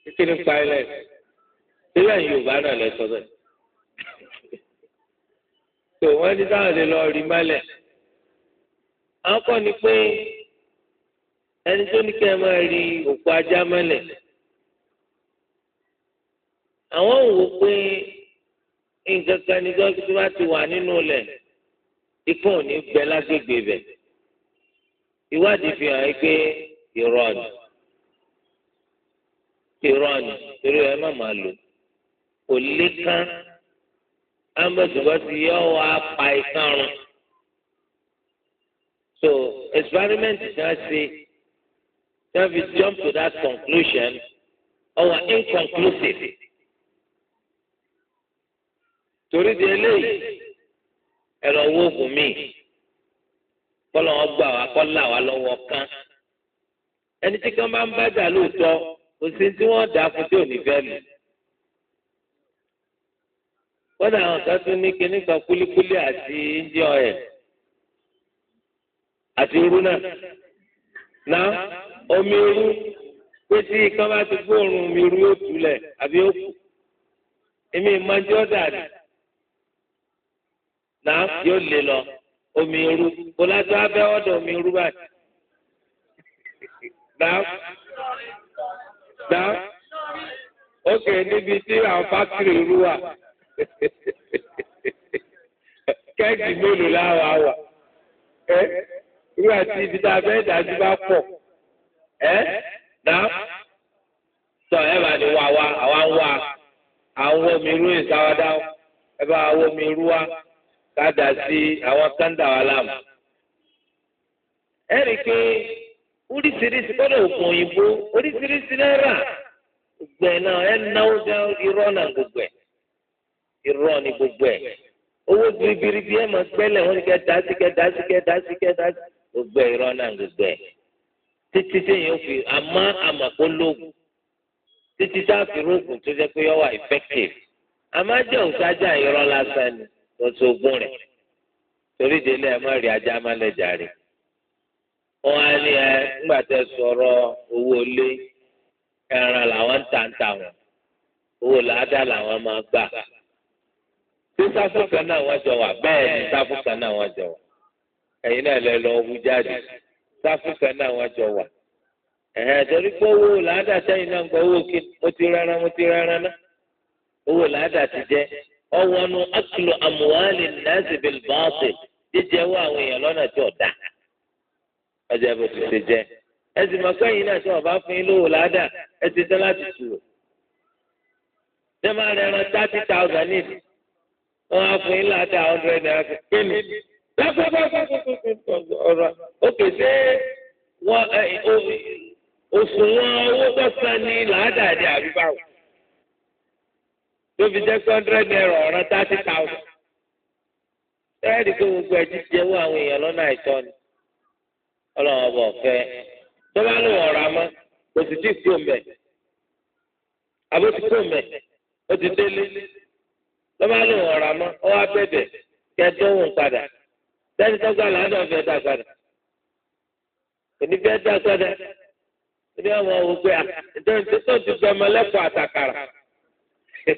kíkiri pa ilẹ̀ sílẹ̀ yorùbá náà lẹ sọ bẹ́ẹ̀ tó wọ́n ní táwọn lè lọ rí malẹ̀ àwọn kọ́ ni pé ẹni tó ní kẹ́ ẹ máa rí òkú ajá malẹ̀ àwọn wò pé nǹkan kan tó bá ti wà nínú ilẹ̀ ikú ò ní bẹ lágbègbè bẹ̀. ìwádìí fi hàn pé irọ́ ni irọ́ ni irú ẹ má máa lò kò lé kán amẹ́tùbọ́ ti yọ wá pa ìkarùn. so experiment kan ṣe tí wọ́n fi jump to that conclusion ó inconclusive torí di eléyìí ẹ lọ wo oògùn míì kọlọ wọn gbà wá kọlà wá lọ́wọ́ kán ẹni tí kan bá ń bájà lóòótọ́ kò sí tí wọ́n dà fún tí ò ní fẹ́ lò kódà àwọn kan tún ní kíní kan kúlíkúlí àti indian oil àti irú náà na omi irú pé tí kan bá ti gbóòórùn omi irú yóò túlẹ̀ àbí yóò kù èmi ìmọ̀ ẹjọ́ dàdí. náà yóò lè lọ omi irú kó látọ́ omi irú báyìí. Náà náà ókè níbi tí àwọn fákìrì irú wà kẹ́ẹ̀kì mélòó irú àti ibi tá a fẹ́ dájú bá pọ̀ ẹ ní wá àwa ń àwọn omi irú ìsáwádá ẹ bá àwọn omi irú wá. kada sí àwọn kanda wa láàmú. ẹ pé oríṣiríṣi kọ́dọ̀ oògùn òyìnbó oríṣiríṣi náírà gbẹ náà ẹ náwó já irọ́ náà gbogbo ẹ̀ irọ́ ni gbogbo ẹ̀ owó biribiribi ẹ máa gbẹ́lẹ̀ wọ́n ti dá sí kẹ́ dá sí kẹ́ dá sí kẹ́ dá sí gbogbo irọ́ náà gbogbo títí fi àmọ́ lóògùn títí a fi róògùn tó jẹ́ pé yọ wà effective wọ́n tó ogún rẹ̀ torí délé ẹ̀ má rí ajá má lẹ́jà rẹ̀ wọ́n á ní ẹ nígbà tẹ sọ̀rọ̀ owó lé ẹran làwọn ń tàǹtà wọn owó làádá làwọn máa gbà tí sáfùkà náà wọ́n jọ wà bẹ́ẹ̀ ni sáfùkà náà wọ́n jọ wà ẹ̀yin náà lẹ lọ hu jáde sáfùkà náà wọ́n jọ wà ẹ̀hẹ́n torí pé owó làádá sẹ́yìn náà ń gbọ́ owó kí mo ti rárá mo ti rárá náà owó làádá ti jẹ́ ọwọ́nu akílò àmúhálì nàásì bíi báàsì jíjẹ owó àwọn èèyàn lọ́nà tí ọ̀dà ọjà bó ti ṣe jẹ ẹsìn mọ̀kọ́ yìí náà tí wọ́n bá fún yín lówó ládàá ẹ ti tán láti tù ú. ṣé máa rẹ ẹran thirty thousand ní ìdí wọ́n á fún yín ládàá hundred naira fifteen ní. lápapọ̀ òkè ṣé òṣùwọ̀n owó tọ́sán ní làádàá di àbíbáwò. tó fi jẹ́ hundred naira ọ̀ràn thirty thousand. gbogbo ẹ̀ àwọn èèyàn lọ́nà àìtọ́ ni ọlọ́run ọba ọ̀fẹ́ tó bá lò ọ̀rọ̀ mọ́ kò sì àbó ti kú mẹ́ ó ti délé tó bá lò ọ̀rọ̀ mọ́ ó wá bẹ̀bẹ̀ padà sẹ́ni tó gbà fẹ́ ó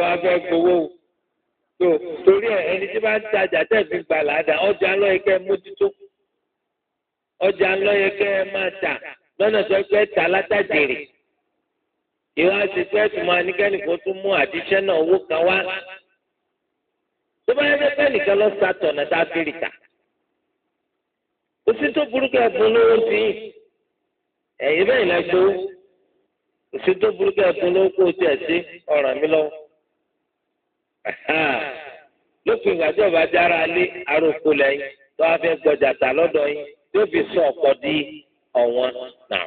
wá fẹ́ gbowó tó torí ẹ ẹni tí bá ń tajà tẹ̀sí gbà ọjà ló kẹ́ ẹ mójútó ọjà ló kẹ́ ẹ máa tà lọ́nà tó fẹ́ tà látàjèrè ìwà àṣìṣe ẹ̀sùn máa ní kẹ́nìkan owó kan wá bá yẹ nìkan lọ tá a fi rì tà òsì tó burúkú sí òsì tó burúkú ẹ̀fún ló kó tiẹ̀ sí ọ̀ràn mi lọ́wọ́. lópin ìgbà tí ọba jára lé aróko lẹ́yìn tó wá fẹ́ gbọjà tà lọ́dọ̀ yín tó fi sọ ọ̀pọ̀ di ọ̀wọ́n náà.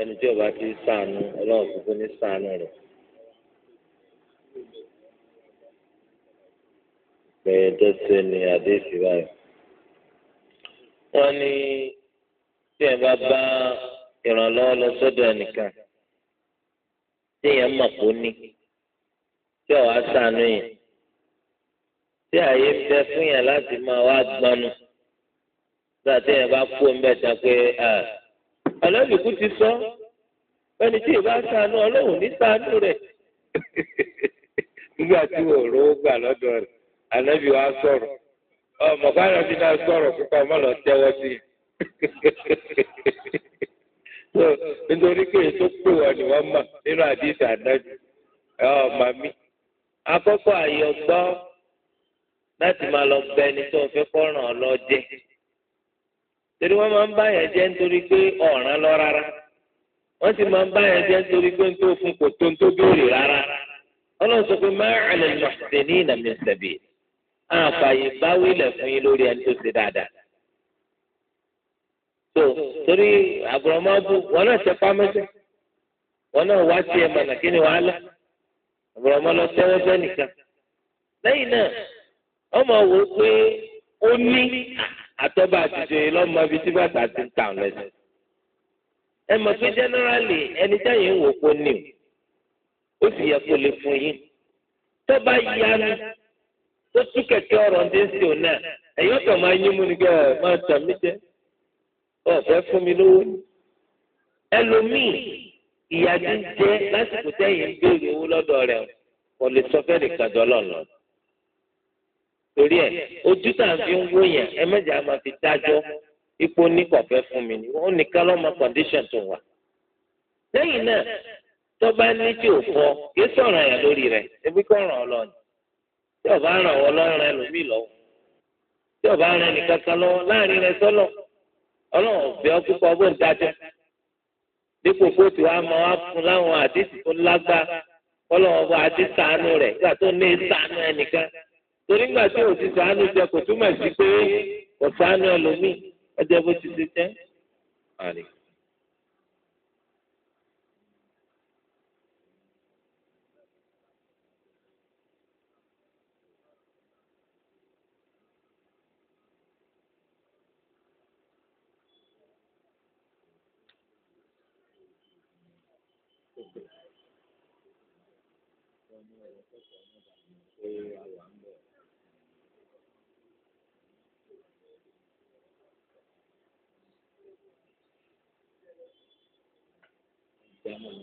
ẹni tí ọba ti sànù ọlọ́run kúkú ní sànù rẹ̀. bẹ́ẹ̀ dọ́sẹ̀ ni adé sì báyìí. wọ́n ní tí ẹ bá bá ìrànlọ́wọ́ lọ sọ́dọ̀ ẹnìkan tí èèyàn mọ̀ kó ní tí ọ̀ sànù yẹn tí àyè ń fún yẹn láti máa wá gbanu. gbà tí ẹ bá kú ń bẹ̀ pé àlọ́lùkù ti sọ ẹni tí ìbá sànú ọlọ́run ní sànú rẹ̀ nígbà tí òòrùn ó gbà lọ́dọ̀ rẹ̀ ànábì wa sọ̀rọ̀ ọmọ báyọ̀ ti náà sọ̀rọ̀ púpọ̀ ọmọ lọ tẹ́wọ́ sí i nítorí pé èso pè wọ́n ni wọ́n mọ̀ nínú àdìsí ànábì ọmọ mi akọ́kọ́ àyọ̀gbọ́ láti máa lọ bẹ ẹni tó fẹ́ kọ́ràn ọlọ́jẹ́ torí ma máa ń bá yẹn jẹ́ nítorí pé ọ̀ràn lọ rárá wọ́n sì máa ń bá yẹn jẹ́ nítorí pé nítorí fún kò tó tó béèrè rárá ọlọ́run pé máa àlẹ́ lọ́sẹ̀ ní ìlànà ìsẹ̀bì àfààyè báwí lẹ̀ yín lórí ẹni tó ṣe dáadáa. tó torí àbùrọ̀mọ́ bú wọn náà ṣe pámẹ́sẹ̀ wọn náà wá tiẹ̀ mọ̀nà kí ni wàhálà àbùrọ̀mọ́ lọ tẹ́wọ́ nìkan lẹ́yìn náà ọmọ wò ó pé ó ní atọ́ba ti ṣe lọ́mọ ibi tí bàtà ti ń tàn lẹ́sẹ̀. ẹ mọ̀ pé generally ẹni táyẹ̀ ń wò kó ní o ó sì yẹ kó lè fún yín. tọ́ba yanu tó tú kẹ̀kẹ́ ọ̀rọ̀ ń dé sí òun náà ẹ̀yọ́ tó máa yín mú ni kẹ́ ẹ̀ máa tàn mí jẹ́ ọ̀fẹ́ fún mi lówó ni. ẹlòmíì ìyá ti ń jẹ́ lásìkò tẹ́yìn ń béèrè owó lọ́dọ̀ rẹ̀ kò lè sọ fẹ́ẹ́ nìkan jọ lọ́nà torí ẹ ojú tá à ń fi ń wó yẹn ẹ mẹjọ a máa fi dájọ́ ipò oníkọ̀fẹ́ fún mi ni ó nìkan lọ́mọ condition tó wà. lẹ́yìn náà tọ́ba ní tí ò fọ kì sọ̀rọ̀ yẹn lórí rẹ̀ ebi kò ràn ọ́ lọ ni tí ọba ràn ọ́ lọ́rùn ẹ lómi lọ́wọ́ tí ọba ràn nìkan kan lọ́wọ́ láàrin rẹ sọ́lọ̀ ọlọ́run ọ̀bẹ ọkùnkọ̀ ọgbọ́n dájọ́ dípò kóòtù wa máa wá fún láwọn àdéhùn tó lágbá ọlọ́run ọba àti sàánú rẹ̀ gbà tó ní sàánú ẹnìkan torí ńgbà tí o ti sàánú jẹ kò túmọ̀ sí pé kò sàánú ẹlòmíì ọjọ́ bó ti ṣe jẹ́.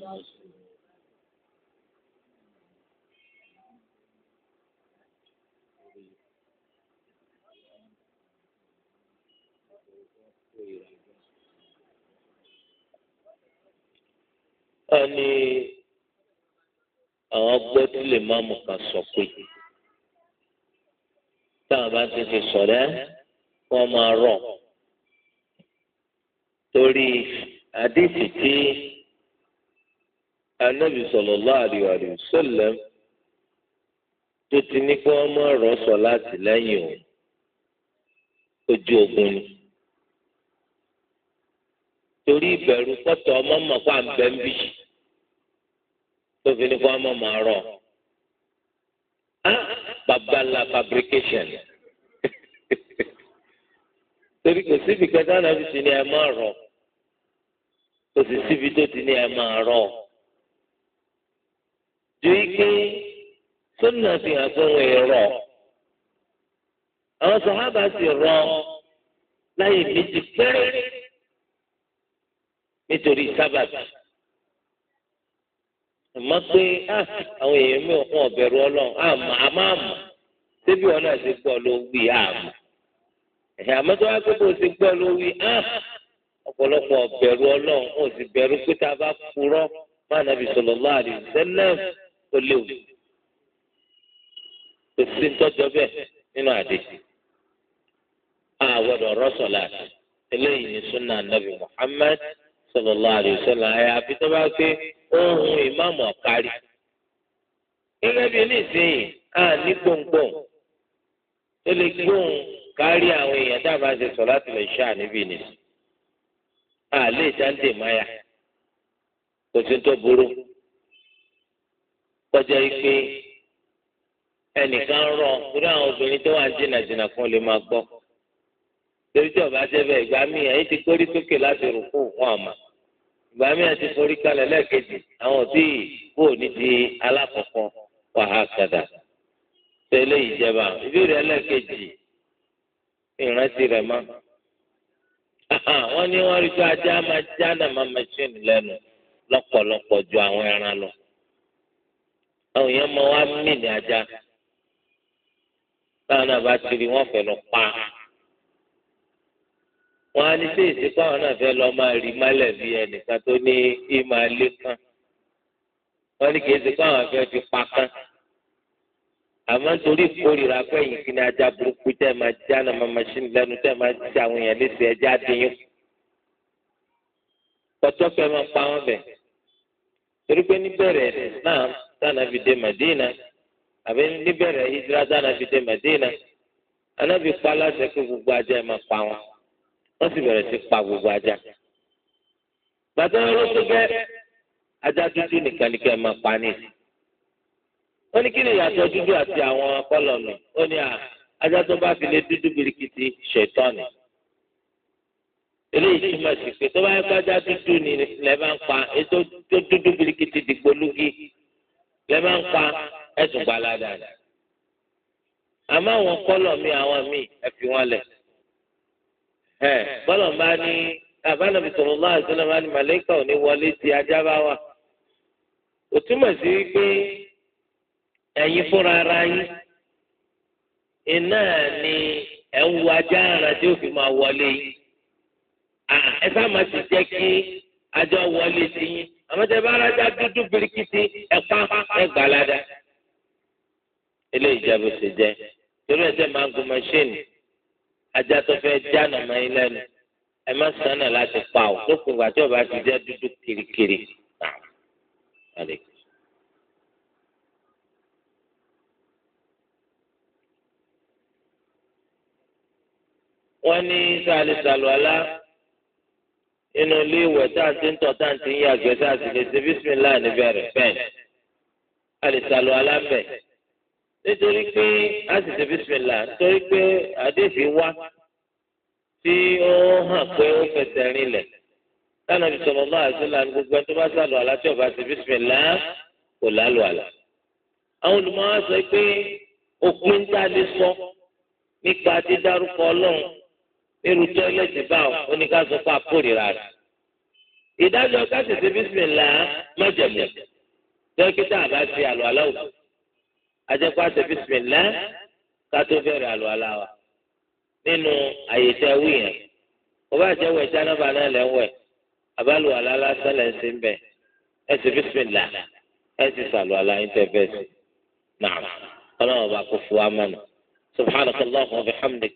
ẹni àwọn gbẹ́tí lè má mú ká sọ pé táwọn bá ti fi sọ̀rẹ́ wọ́n máa rọ̀ torí àdéhùn tí anabi sallallahu alaihi wa sallam tó ti ní kí wọ́n máa rọ̀ sọ láti lẹ́yìn o ojú ogun ni torí ìbẹ̀rù pọ̀tọ̀ ọmọ mọ̀ pa ń bẹ́ ń bí tó fi ní kí wọ́n máa máa rọ̀ fabrication torí kò síbi kẹta náà ti ní ẹ máa rọ̀ kò sì síbi tó ti ní ẹ máa rọ̀. ju ike sónà fi hàn pé wọn àwọn sàhábà sì rọ láyé méjì péré nítorí sábàbí àmọ́ pé ah, àwọn èèyàn mi ò kún ọ̀bẹ̀rù ọlọ́run àmọ́ àmọ́ àmọ́ débi ọ̀nà àti gbọ́ ló wí àmọ́ àmọ́ tó wá pé kò sí gbọ́ ló wí ah, ọlọ́run ò sì bẹ̀rù pé ó léwu kò sí tọ́jọ́ bẹ́ẹ̀ nínú a àwọ̀dọ̀ rọ́sọ̀lá eléyìí ní sunnah nabi muhammad sallallahu alayhi wa sallam ẹ̀ àfi tó bá pé ohun ìmáàmù ọ̀kárí gẹ́gẹ́ bí oníṣẹ́yìn á ní gbòǹgbòǹ ó lè gbòǹ kárí àwọn èèyàn tá a bá ṣe sọ̀lá tilẹ̀ ṣáà níbí ni à lè jáde máyà kò sí tó burú kọjá ipe ẹnìkan rọ torí àwọn obìnrin tó wà jìnnàjìnnà kan lè máa gbọ́ torí tí ọba jẹbẹ ìgbà míì ẹ̀yin ti kórí sókè láti rúkú fún àmà ìgbà míì àti forí kalẹ̀ lẹ́ẹ̀kejì àwọn tí kò ní di alákọ̀ọ́kọ́ wàhálà kàdà tẹ́lẹ̀ ìjẹba ìbéèrè ẹlẹ́ẹ̀kejì ìrántí rẹ̀ mọ́ wọ́n ní wọ́n rí tó ajá máa já nàmá machine lẹ́nu lọ́pọ̀lọpọ̀ ju àwọn ẹran lọ àwọn èèyàn máa wá mílì ajá táwọn náà bá tiri wọn fẹnu pa wọn á ní sí ìsìnkú àwọn náà fẹ́ lọ máa rí málẹ̀ bí ẹnìkan tó ní ìmọ̀ alẹ́ kan wọn ní kì í sìnkú àwọn fi pa kan àmọ́ nítorí ìkórìíra pé yìí kí ni ajá burúkú tẹ́ máa já náà máa machine lẹ́nu tẹ́ máa já àwọn èèyàn léṣe ẹja dínyìn kọ́tọ́ fẹ́ máa pa wọ́n bẹ̀ torí pé níbẹ̀rẹ̀ náà tánàbì dé Madina àbí níbẹ̀rẹ̀ hijira tánàbì dé Madina anábì pa aláṣẹ pé gbogbo ajá ẹ máa pa wọn wọ́n sì bẹ̀rẹ̀ sí pa gbogbo ajá gbàtọ́ olóṣù bẹ́ẹ̀ ajá dúdú nìkan ni kẹ́ ẹ máa pa ní ìsìn wọ́n ní kí ni ìyàtọ̀ dúdú àti àwọn kọ́lọ̀nù ó ní à ajá tó bá fi lé dúdú birikiti ṣètọ́nì eléyìí túmọ̀ sí pé tó bá yẹ kó ajá dúdú ni lẹ́ bá ń pa ètò dúdú birikiti dìgbòlugi lẹ́bà ń pa ẹ̀sùn gbalada ni. àmọ́ àwọn kọ́lọ̀ mi àwọn mi, ẹ fi wọn lẹ̀. bọ́lọ̀ bá ní àbálòbí sọ̀rọ̀ lọ́wọ́ àti sọ́lọ́ bá ní màlẹ́kà ò ní wọlé ti ajá bá wà. ó túmọ̀ sí wípé ẹ̀yin fúnra ara yín iná ni ẹ̀ ń wo ajá ara tí ó fi máa wọlé ẹ sá máa ti jẹ́ kí ajá àmọ́tẹ́ bá rájà dúdú birikiti ẹ̀pá ẹgbàládá eléyìí jẹ́ bó ṣe jẹ́ torí ẹ̀jẹ̀ máa ń gun mọ́ṣíìnì ajá tó fẹ́ jáàna máa ń lẹ́nu ẹ má sànà láti pa ọ́ lópin ìgbà tí ọba ti jẹ́ dúdú kirikiri. wọ́n ní sálísàlù alá nínú ilé ìwẹ̀ tá à ń ti ń tọ̀ tá à ń ti ń yàgbẹ́ tá à sì lè ṣe bísímìlá níbẹ̀rẹ̀ bẹ́ẹ̀ a lè sàlù alábẹ̀ nítorí pé a sì ṣe bísímìlá nítorí pé àdéhìí wá tí ó hàn pé ó fẹsẹ̀ rinlẹ̀ lánàá bí sọ̀rọ̀ bá àṣìlá ní gbogbo ẹni tó bá sàlù àlá ọba ṣe bísímìlá kò lálù àlá. àwọn olùmọ̀ wá sọ pé òpin tá a lè sọ nípa dídárúkọ ọlọ́run irú tí ọlẹ́sìn bá ọ oníkàsọ fún akórira rẹ̀. ìdájọ́ kásìsì bísímìlá májẹ̀mú dókítà àbá ti àlọ́ aláwọ̀ ajẹ́pọ̀ àti bísímìlá kátó bẹ̀rẹ̀ àlọ́ aláwa nínú àyè tẹ wí yẹn kò bá jẹ́ wẹ̀ jánábà náà lẹ́ wẹ̀ àbálù àlálá sẹ́lẹ̀ ń sìn bẹ̀ ẹ̀ sì bísímìlá ẹ̀ sì sàlù aláyín tẹ bẹ́ẹ̀ sí. fún wa mọ́nà subhanahu wa wa bihamdik.